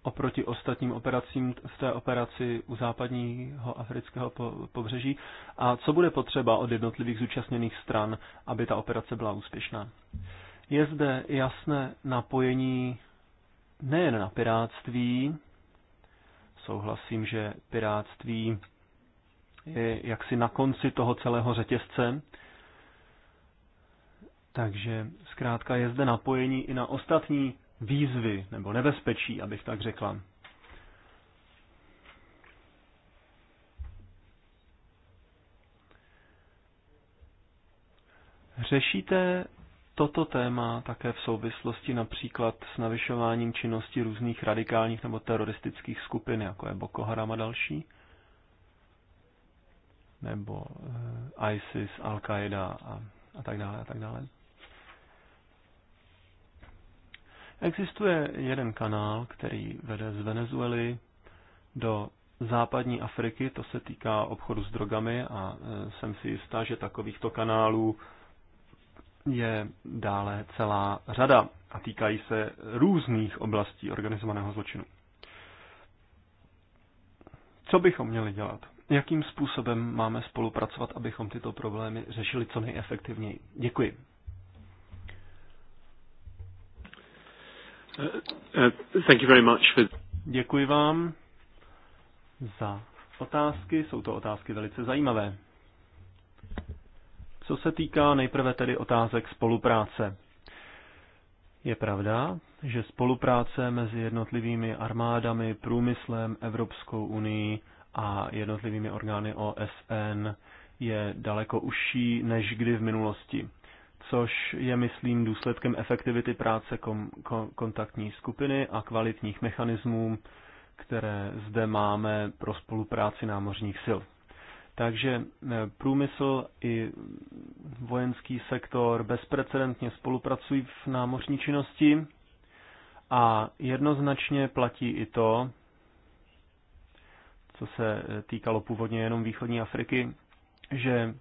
oproti ostatním operacím v té operaci u západního afrického pobřeží a co bude potřeba od jednotlivých zúčastněných stran, aby ta operace byla úspěšná. Je zde jasné napojení nejen na piráctví, souhlasím, že piráctví je jaksi na konci toho celého řetězce. Takže zkrátka je zde napojení i na ostatní výzvy nebo nebezpečí, abych tak řekla. Řešíte toto téma také v souvislosti například s navyšováním činnosti různých radikálních nebo teroristických skupin, jako je Boko Haram a další? nebo eh, ISIS, Al-Qaida a, a tak dále a tak dále. Existuje jeden kanál, který vede z Venezuely do západní Afriky, to se týká obchodu s drogami a eh, jsem si jistá, že takovýchto kanálů je dále celá řada a týkají se různých oblastí organizovaného zločinu. Co bychom měli dělat? jakým způsobem máme spolupracovat, abychom tyto problémy řešili co nejefektivněji. Děkuji. Uh, uh, Děkuji vám za otázky. Jsou to otázky velice zajímavé. Co se týká nejprve tedy otázek spolupráce. Je pravda, že spolupráce mezi jednotlivými armádami, průmyslem, Evropskou unii a jednotlivými orgány OSN je daleko užší než kdy v minulosti, což je, myslím, důsledkem efektivity práce kom, ko, kontaktní skupiny a kvalitních mechanismů, které zde máme pro spolupráci námořních sil. Takže e, průmysl i vojenský sektor bezprecedentně spolupracují v námořní činnosti a jednoznačně platí i to, to se týkalo původně jenom východní Afriky, že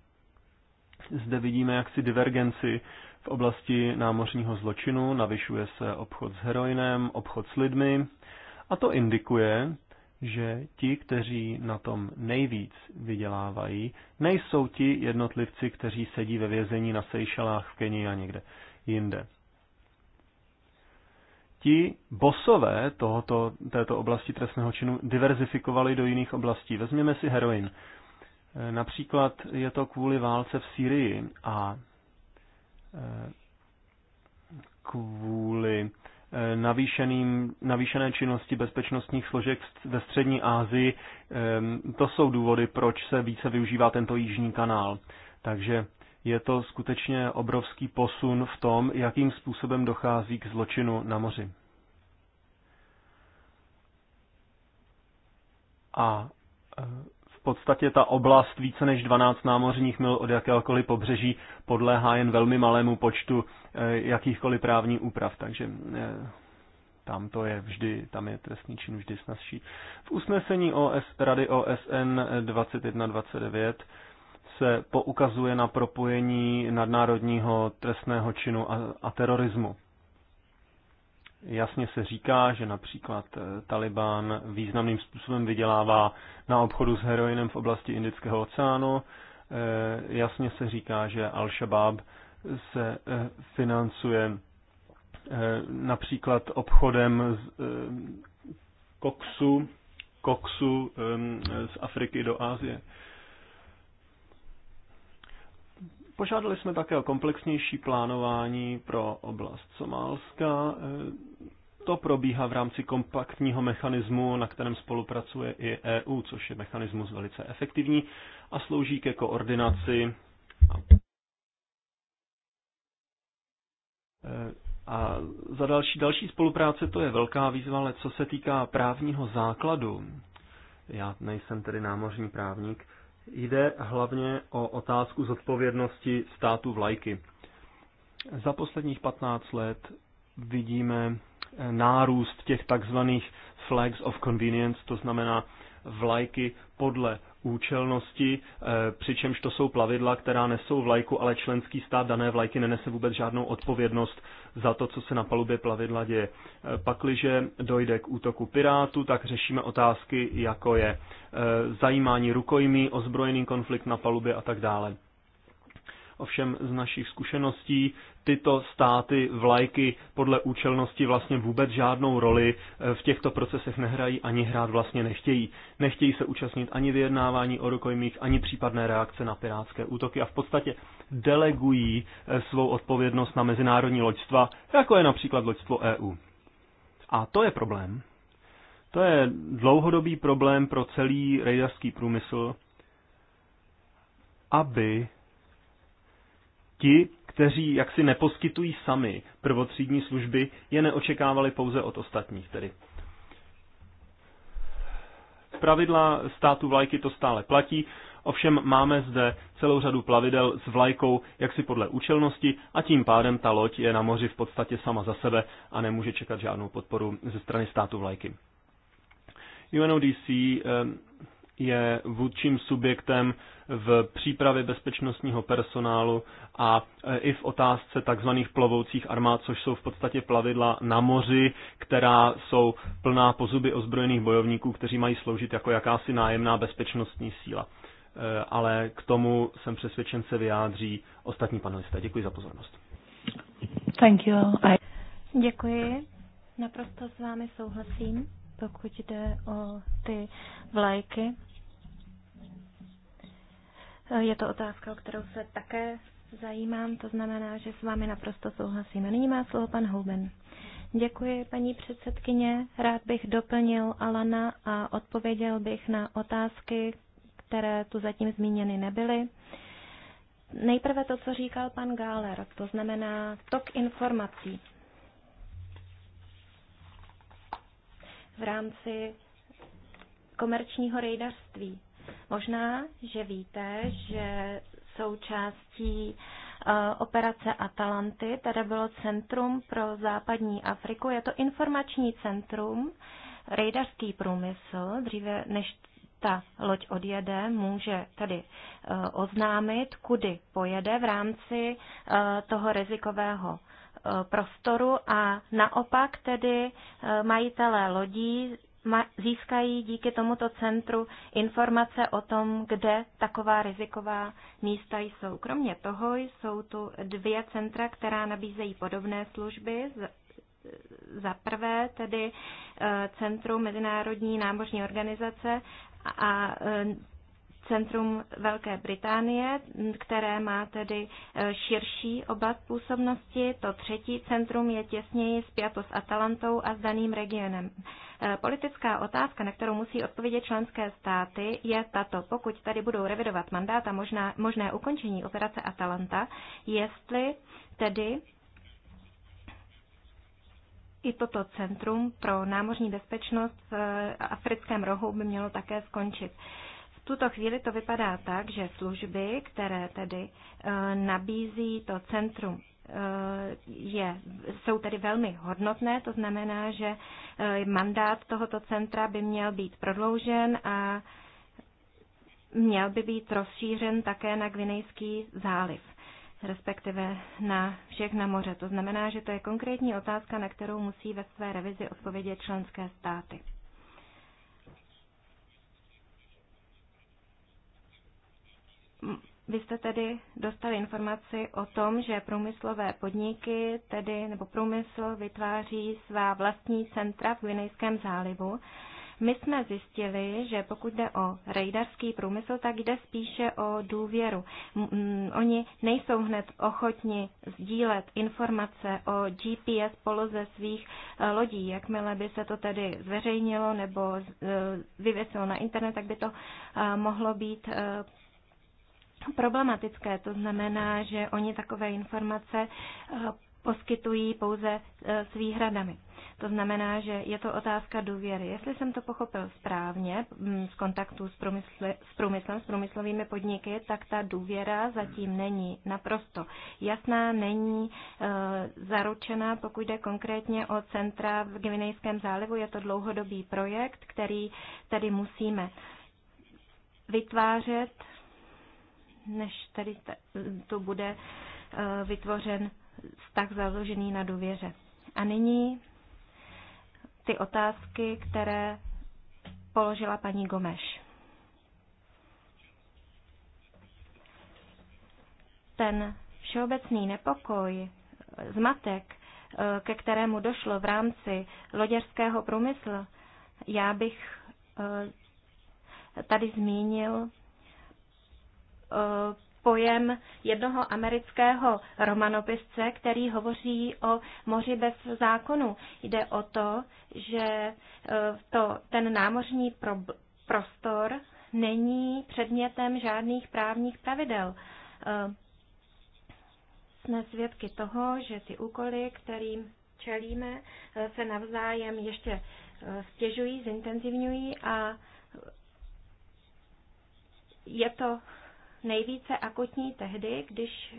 zde vidíme jaksi divergenci v oblasti námořního zločinu, navyšuje se obchod s heroinem, obchod s lidmi a to indikuje, že ti, kteří na tom nejvíc vydělávají, nejsou ti jednotlivci, kteří sedí ve vězení na Seychelách v Kenii a někde jinde ti bosové tohoto, této oblasti trestného činu diverzifikovali do jiných oblastí. Vezměme si heroin. E, například je to kvůli válce v Sýrii a e, kvůli e, navýšeným, navýšené činnosti bezpečnostních složek ve střední Asii. To jsou důvody, proč se více využívá tento jižní kanál. Takže je to skutečně obrovský posun v tom, jakým způsobem dochází k zločinu na moři. A e, v podstatě ta oblast více než 12 námořních mil od jakéhokoliv pobřeží podléhá jen velmi malému počtu e, jakýchkoliv právní úprav, takže e, tam to je vždy, tam je trestný čin vždy snazší. V usnesení OS, Rady OSN 2129 se poukazuje na propojení nadnárodního trestného činu a, a terorismu. Jasně se říká, že například eh, Taliban významným způsobem vydělává na obchodu s heroinem v oblasti Indického oceánu. Eh, jasně se říká, že Al-Shabaab se eh, financuje například obchodem z koksu, koksu z Afriky do Asie. Požádali jsme také o komplexnější plánování pro oblast Somálska. E, to probíhá v rámci kompaktního mechanismu, na kterém spolupracuje i EU, což je mechanismus velice efektivní a slouží ke koordinaci e, a za další, další spolupráce to je velká výzva, ale co se týká právního základu, já nejsem tedy námořní právník, Jde hlavně o otázku zodpovědnosti státu vlajky. Za posledních 15 let vidíme eh, nárůst těch takzvaných flags of convenience, to znamená vlajky podle účelnosti, eh, přičemž to jsou plavidla, která nesou vlajku, ale členský stát dané vlajky nenese vůbec žádnou odpovědnost za to, co se na palubě plavidla děje. Eh, Pakliže dojde k útoku pirátu, tak řešíme otázky, jako je Eh, zajímání rukojmí, ozbrojený konflikt na palubě a tak dále. Ovšem z našich zkušeností tyto státy vlajky podle účelnosti vlastně vůbec žádnou roli eh, v těchto procesech nehrají ani hrát vlastně nechtějí. Nechtějí se účastnit ani vyjednávání o rukojmích, ani případné reakce na pirátské útoky a v podstatě delegují eh, svou odpovědnost na mezinárodní loďstva, jako je například loďstvo EU. A to je problém, to je dlouhodobý problém pro celý radarský průmysl, aby ti, kteří jaksi neposkytují sami prvotřídní služby, je neočekávali pouze od ostatních tedy. Pravidla státu vlajky to stále platí, ovšem máme zde celou řadu plavidel s vlajkou jaksi podle účelnosti a tím pádem ta loď je na moři v podstatě sama za sebe a nemůže čekat žádnou podporu ze strany státu vlajky. UNODC eh, je vůdčím subjektem v přípravě bezpečnostního personálu a eh, i v otázce tzv. plovoucích armád, což jsou v podstatě plavidla na moři, která jsou plná pozuby ozbrojených bojovníků, kteří mají sloužit jako jakási nájemná bezpečnostní síla. Eh, ale k tomu jsem přesvědčen se vyjádří ostatní panelisté. Děkuji za pozornost. Thank you. I... Děkuji. Naprosto s vámi souhlasím pokud jde o ty vlajky. Je to otázka, o kterou se také zajímám, to znamená, že s vámi naprosto souhlasím. A nyní má slovo pan Houben. Děkuji, paní předsedkyně. Rád bych doplnil Alana a odpověděl bych na otázky, které tu zatím zmíněny nebyly. Nejprve to, co říkal pan Gáler, to znamená tok informací. v rámci komerčního rejdařství. Možná, že víte, že součástí eh, operace Atalanty, tady bylo Centrum pro západní Afriku. Je to informační centrum, rejdařský průmysl, dříve než ta loď odjede, může tedy eh, oznámit, kudy pojede v rámci eh, toho rizikového Eh, prostoru a naopak tedy eh, majitelé lodí získají díky tomuto centru informace o tom, kde taková riziková místa jsou. Kromě toho jsou tu dvě centra, která nabízejí podobné služby. Za prvé tedy eh, Centrum Mezinárodní námořní organizace a centrum Velké Británie, které má tedy e, širší oblast působnosti. To třetí centrum je těsněji spjato s Atalantou a s daným regionem. E, politická otázka, na kterou musí odpovědět členské státy, je tato. Pokud tady budou revidovat mandát a možná, možné ukončení operace Atalanta, jestli tedy i toto centrum pro námořní bezpečnost v e, africkém rohu by mělo také skončit tuto chvíli to vypadá tak, že služby, které tedy e, nabízí to centrum e, je, jsou tedy velmi hodnotné, to znamená, že e, mandát tohoto centra by měl být prodloužen a měl by být rozšířen také na Gvinejský záliv respektive na všech na moře. To znamená, že to je konkrétní otázka, na kterou musí ve své revizi odpovědět členské státy. Vy jste tedy dostali informaci o tom, že průmyslové podniky, tedy nebo průmysl vytváří svá vlastní centra v Gvinejském zálivu. My jsme zjistili, že pokud jde o rejdarský průmysl, tak jde spíše o důvěru. Oni nejsou hned ochotni sdílet informace o GPS poloze svých eh, lodí. Jakmile by se to tedy zveřejnilo nebo eh, vyvěsilo na internet, tak by to eh, mohlo být problematické. To znamená, že oni takové informace eh, poskytují pouze eh, s výhradami. To znamená, že je to otázka důvěry. Jestli jsem to pochopil správně mm, z kontaktu s, průmysl, s průmyslem, s průmyslovými podniky, tak ta důvěra zatím není naprosto jasná, není e, zaručená, pokud jde konkrétně o centra v Gvinejském zálivu. Je to dlouhodobý projekt, který tedy musíme vytvářet než tady to bude eh, vytvořen vztah založený na důvěře. A nyní ty otázky, které položila paní Gomeš. Ten všeobecný nepokoj, zmatek, eh, ke kterému došlo v rámci loděřského průmyslu, já bych eh, tady zmínil Eh, pojem jednoho amerického romanopisce, který hovoří o moři bez zákonu. Jde o to, že eh, to, ten námořní pro, prostor není předmětem žádných právních pravidel. Eh, jsme svědky toho, že ty úkoly, kterým čelíme, se navzájem ještě stěžují, zintenzivňují a je to nejvíce akutní tehdy, když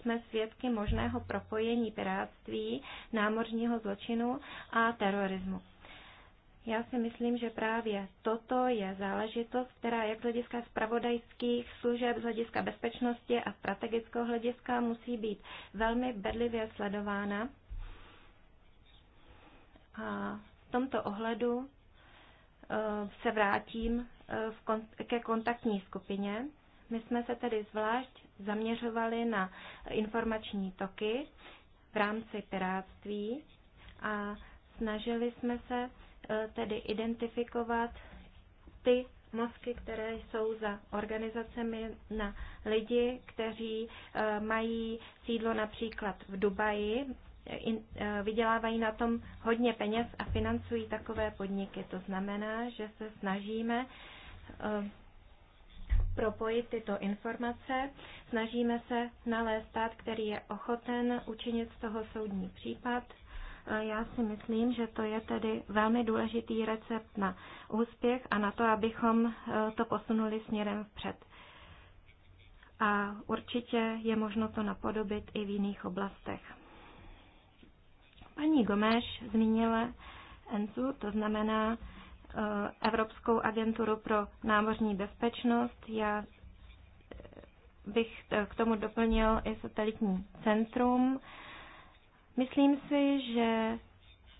jsme svědky možného propojení pirátství, námořního zločinu a terorismu. Já si myslím, že právě toto je záležitost, která jak z hlediska zpravodajských služeb, z hlediska bezpečnosti a strategického hlediska musí být velmi bedlivě sledována. A v tomto ohledu eh, se vrátím eh, ke kontaktní skupině. My jsme se tedy zvlášť zaměřovali na informační toky v rámci piráctví a snažili jsme se e, tedy identifikovat ty mozky, které jsou za organizacemi na lidi, kteří e, mají sídlo například v Dubaji, e, vydělávají na tom hodně peněz a financují takové podniky. To znamená, že se snažíme propojit tyto informace. Snažíme se nalézt stát, který je ochoten učinit z toho soudní případ. Já si myslím, že to je tedy velmi důležitý recept na úspěch a na to, abychom e, to posunuli směrem vpřed. A určitě je možno to napodobit i v jiných oblastech. Paní Gomeš zmínila Encu, to znamená Eh, Evropskou agenturu pro námořní bezpečnost. Já eh, bych eh, k tomu doplnil i satelitní centrum. Myslím si, že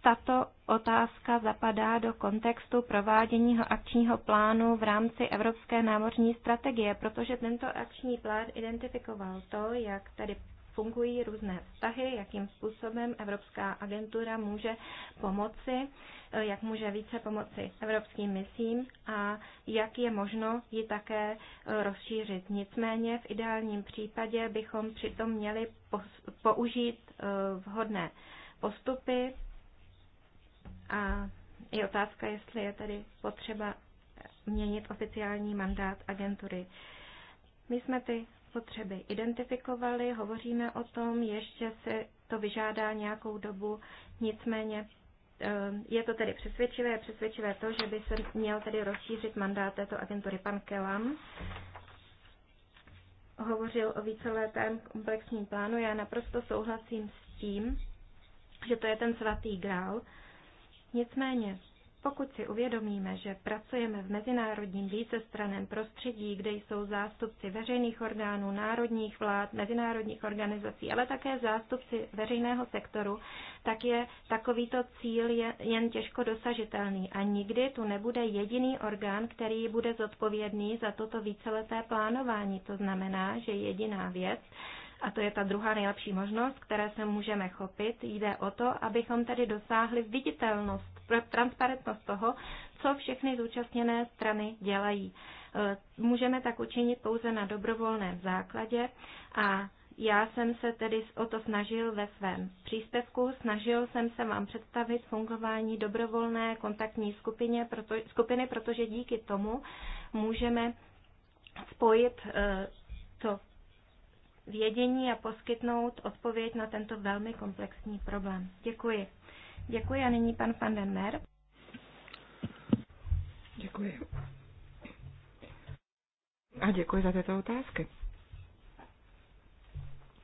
tato otázka zapadá do kontextu provádění akčního plánu v rámci Evropské námořní strategie, protože tento akční plán identifikoval to, jak tedy fungují různé vztahy, jakým způsobem Evropská agentura může pomoci, eh, jak může více pomoci evropským misím a jak je možno ji také eh, rozšířit. Nicméně v ideálním případě bychom přitom měli použít eh, vhodné postupy a je otázka, jestli je tady potřeba měnit oficiální mandát agentury. My jsme ty potřeby identifikovali, hovoříme o tom, ještě se to vyžádá nějakou dobu, nicméně eh, je to tedy přesvědčivé, je přesvědčivé to, že by se měl tedy rozšířit mandát této agentury pan Kelam. Hovořil o víceletém komplexním plánu. Já naprosto souhlasím s tím, že to je ten svatý grál. Nicméně pokud si uvědomíme, že pracujeme v mezinárodním vícestraném prostředí, kde jsou zástupci veřejných orgánů, národních vlád, mezinárodních organizací, ale také zástupci veřejného sektoru, tak je takovýto cíl je jen těžko dosažitelný a nikdy tu nebude jediný orgán, který bude zodpovědný za toto víceleté plánování. To znamená, že jediná věc, a to je ta druhá nejlepší možnost, které se můžeme chopit. Jde o to, abychom tedy dosáhli viditelnost transparentnost toho, co všechny zúčastněné strany dělají. E, můžeme tak učinit pouze na dobrovolném základě a já jsem se tedy o to snažil ve svém příspěvku. Snažil jsem se vám představit fungování dobrovolné kontaktní skupině, proto, skupiny, protože díky tomu můžeme spojit e, to vědění a poskytnout odpověď na tento velmi komplexní problém. Děkuji. Děkuji a nyní pan van den Mer. Děkuji. A děkuji za tyto otázky,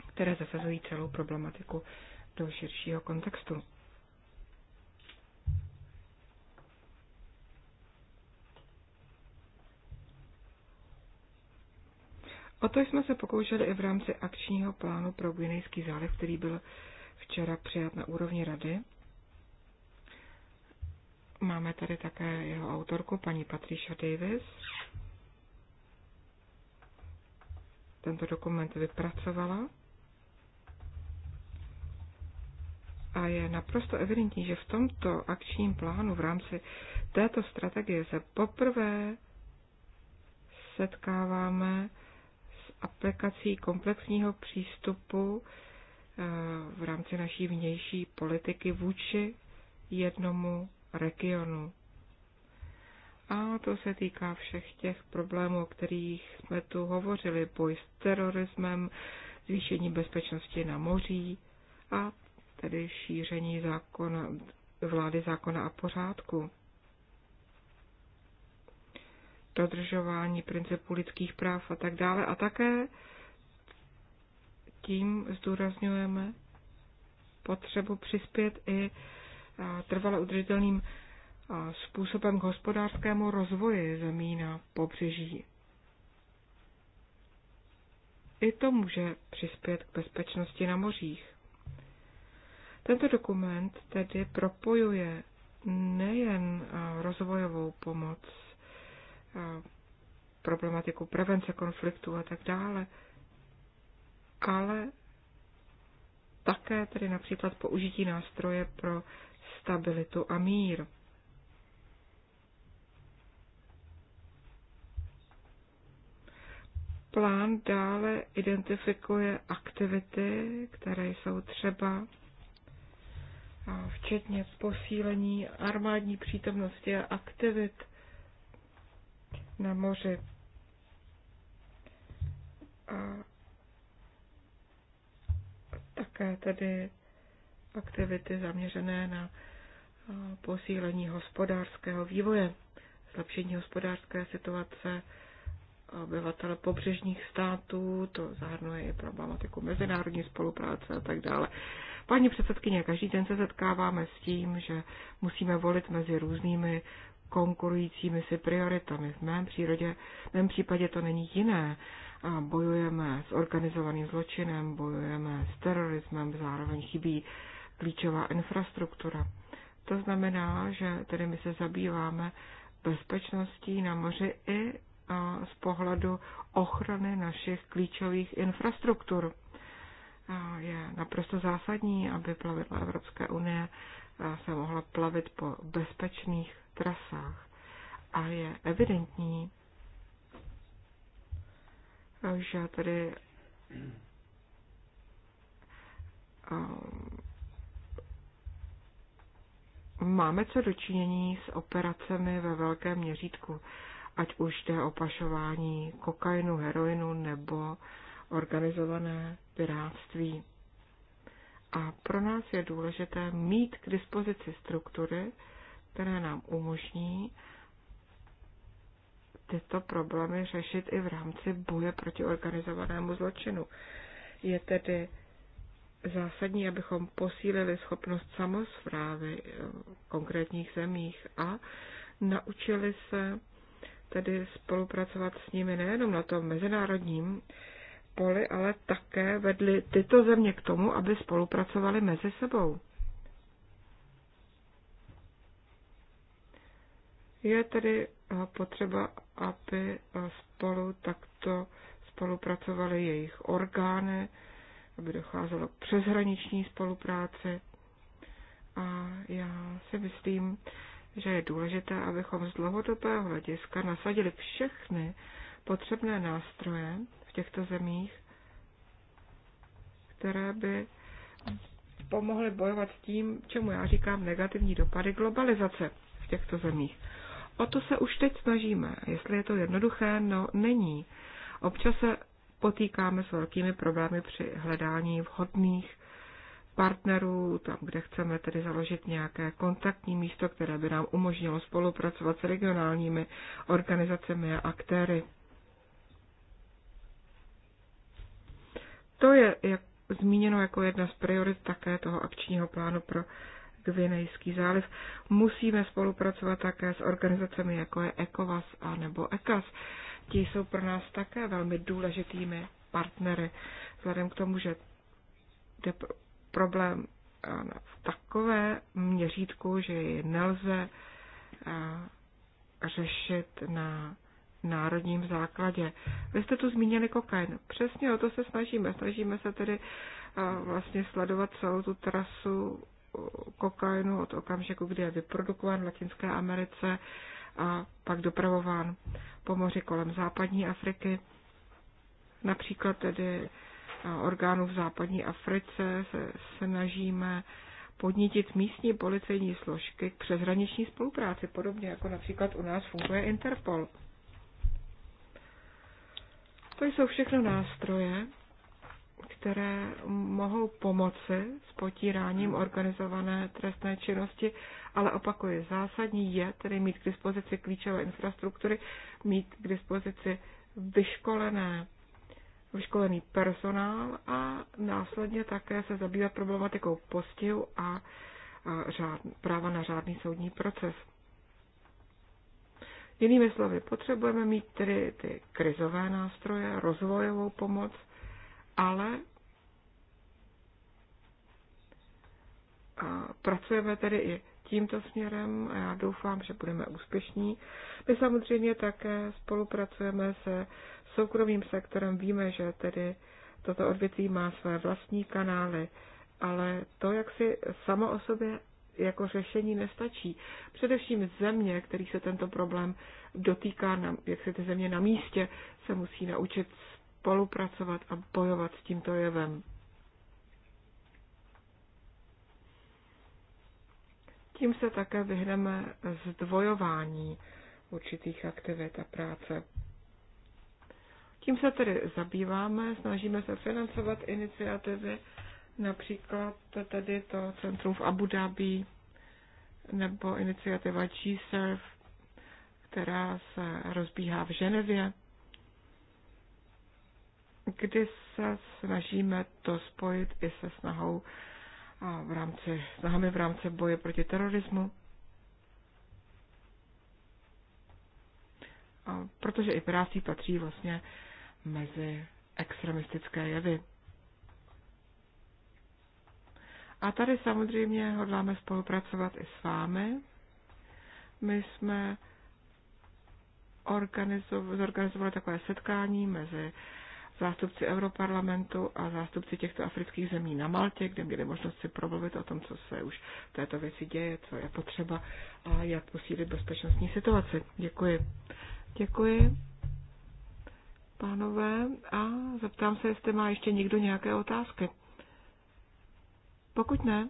které zasazují celou problematiku do širšího kontextu. O to jsme se pokoušeli i v rámci akčního plánu pro Guinejský záliv, který byl včera přijat na úrovni rady. Máme tady také jeho autorku, paní Patricia Davis. Tento dokument vypracovala. A je naprosto evidentní, že v tomto akčním plánu v rámci této strategie se poprvé setkáváme s aplikací komplexního přístupu eh, v rámci naší vnější politiky vůči jednomu regionu. A to se týká všech těch problémů, o kterých jsme tu hovořili. Boj s terorismem, zvýšení bezpečnosti na moří a tedy šíření zákona, vlády zákona a pořádku. Dodržování principů lidských práv a tak dále. A také tím zdůrazňujeme potřebu přispět i trvale udržitelným způsobem k hospodářskému rozvoji zemí na pobřeží. I to může přispět k bezpečnosti na mořích. Tento dokument tedy propojuje nejen rozvojovou pomoc, problematiku prevence konfliktu a tak dále, ale také tedy například použití nástroje pro stabilitu a mír. Plán dále identifikuje aktivity, které jsou třeba, včetně posílení armádní přítomnosti a aktivit na moři. A také tedy aktivity zaměřené na posílení hospodářského vývoje, zlepšení hospodářské situace obyvatele pobřežních států, to zahrnuje i problematiku mezinárodní spolupráce a tak dále. Paní předsedkyně, každý den se setkáváme s tím, že musíme volit mezi různými konkurujícími si prioritami. V mém, přírodě, v mém případě to není jiné. Bojujeme s organizovaným zločinem, bojujeme s terorismem, zároveň chybí klíčová infrastruktura. To znamená, že tedy my se zabýváme bezpečností na moři i z pohledu ochrany našich klíčových infrastruktur. Je naprosto zásadní, aby plavidla Evropské unie se mohla plavit po bezpečných trasách. A je evidentní, že tedy máme co dočinění s operacemi ve velkém měřítku, ať už jde o pašování kokainu, heroinu nebo organizované piráctví. A pro nás je důležité mít k dispozici struktury, které nám umožní tyto problémy řešit i v rámci boje proti organizovanému zločinu. Je tedy zásadní, abychom posílili schopnost samozprávy v eh, konkrétních zemích a naučili se tedy spolupracovat s nimi nejenom na tom mezinárodním poli, ale také vedli tyto země k tomu, aby spolupracovali mezi sebou. Je tedy eh, potřeba, aby eh, spolu takto spolupracovali jejich orgány, aby docházelo k přeshraniční spolupráci. A já si myslím, že je důležité, abychom z dlouhodobého hlediska nasadili všechny potřebné nástroje v těchto zemích, které by pomohly bojovat s tím, čemu já říkám negativní dopady globalizace v těchto zemích. O to se už teď snažíme. Jestli je to jednoduché, no není. Občas se potýkáme s velkými problémy při hledání vhodných partnerů, tam, kde chceme tedy založit nějaké kontaktní místo, které by nám umožnilo spolupracovat s regionálními organizacemi a aktéry. To je jak zmíněno jako jedna z priorit také toho akčního plánu pro Gvinejský záliv. Musíme spolupracovat také s organizacemi jako je ECOVAS a nebo ECAS ti jsou pro nás také velmi důležitými partnery, vzhledem k tomu, že je problém eh, v takové měřítku, že ji nelze eh, řešit na národním základě. Vy jste tu zmínili kokain. Přesně o to se snažíme. Snažíme se tedy eh, vlastně sledovat celou tu trasu kokainu od okamžiku, kdy je vyprodukován v Latinské Americe a pak dopravován po moři kolem západní Afriky. Například tedy eh, orgánů v západní Africe se snažíme podnítit místní policejní složky k přeshraniční spolupráci, podobně jako například u nás funguje Interpol. To jsou všechno nástroje, které mohou pomoci s potíráním organizované trestné činnosti, ale opakuje zásadní je tedy mít k dispozici klíčové infrastruktury, mít k dispozici vyškolené, vyškolený personál a následně také se zabývat problematikou postihu a, a řád, práva na řádný soudní proces. Jinými slovy, potřebujeme mít tedy ty krizové nástroje, rozvojovou pomoc, ale pracujeme tedy i tímto směrem a já doufám, že budeme úspěšní. My samozřejmě také spolupracujeme se soukromým sektorem. Víme, že tedy toto odvětví má své vlastní kanály, ale to, jak si samo o sobě jako řešení nestačí. Především země, který se tento problém dotýká, jak se ty země na místě, se musí naučit spolupracovat a bojovat s tímto jevem. Tím se také vyhneme zdvojování určitých aktivit a práce. Tím se tedy zabýváme, snažíme se financovat iniciativy, například tedy to centrum v Abu Dhabi nebo iniciativa G-Serve, která se rozbíhá v Ženevě kdy se snažíme to spojit i se snahou a v rámci, snahami v rámci boje proti terorismu. A protože i piráctví patří vlastně mezi extremistické jevy. A tady samozřejmě hodláme spolupracovat i s vámi. My jsme zorganizovali takové setkání mezi zástupci Europarlamentu a zástupci těchto afrických zemí na Maltě, kde měli možnost si promluvit o tom, co se už v této věci děje, co je potřeba a jak posílit bezpečnostní situaci. Děkuji. Děkuji, pánové, a zeptám se, jestli má ještě někdo nějaké otázky. Pokud ne,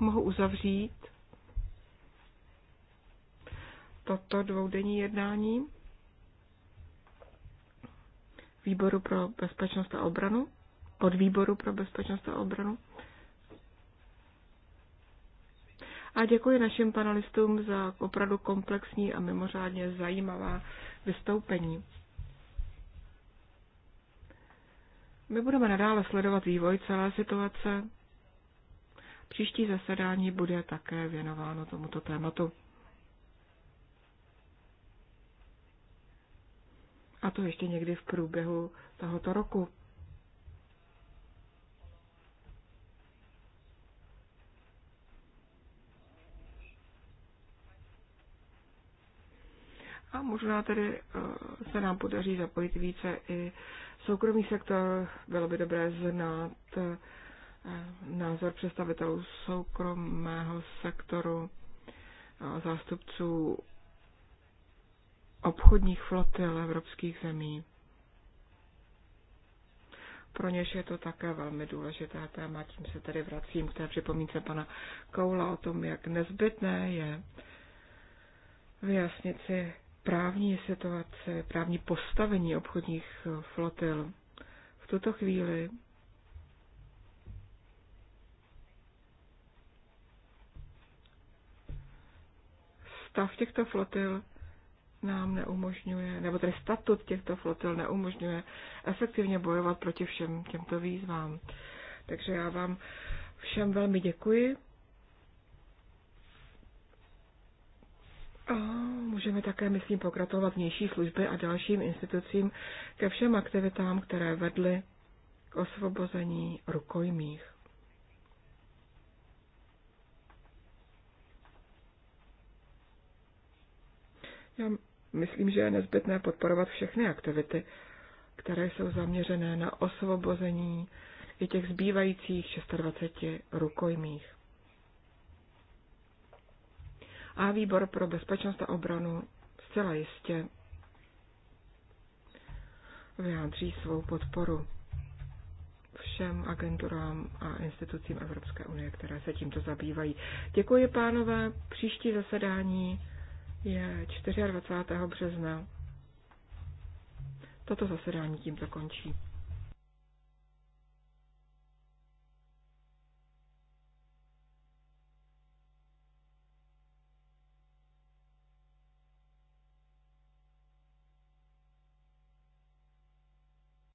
mohu uzavřít toto dvoudenní jednání výboru pro bezpečnost a obranu, od výboru pro bezpečnost a obranu. A děkuji našim panelistům za opravdu komplexní a mimořádně zajímavá vystoupení. My budeme nadále sledovat vývoj celé situace. Příští zasedání bude také věnováno tomuto tématu. A to ještě někdy v průběhu tohoto roku. A možná tedy eh, se nám podaří zapojit více i soukromý sektor. Bylo by dobré znát eh, názor představitelů soukromého sektoru, eh, zástupců obchodních flotil evropských zemí. Pro něž je to také velmi důležité téma, tím se tedy vracím k té připomínce pana Koula o tom, jak nezbytné je vyjasnit si právní situace, právní postavení obchodních flotil. V tuto chvíli stav těchto flotil nám neumožňuje, nebo tedy statut těchto flotil neumožňuje efektivně bojovat proti všem těmto výzvám. Takže já vám všem velmi děkuji. A můžeme také, myslím, pokratovat vnější služby a dalším institucím ke všem aktivitám, které vedly k osvobození rukojmích. Já myslím, že je nezbytné podporovat všechny aktivity, které jsou zaměřené na osvobození i těch zbývajících 26 rukojmích. A výbor pro bezpečnost a obranu zcela jistě vyjádří svou podporu všem agenturám a institucím Evropské unie, které se tímto zabývají. Děkuji, pánové. Příští zasedání je 24. března. Toto zasedání tímto končí.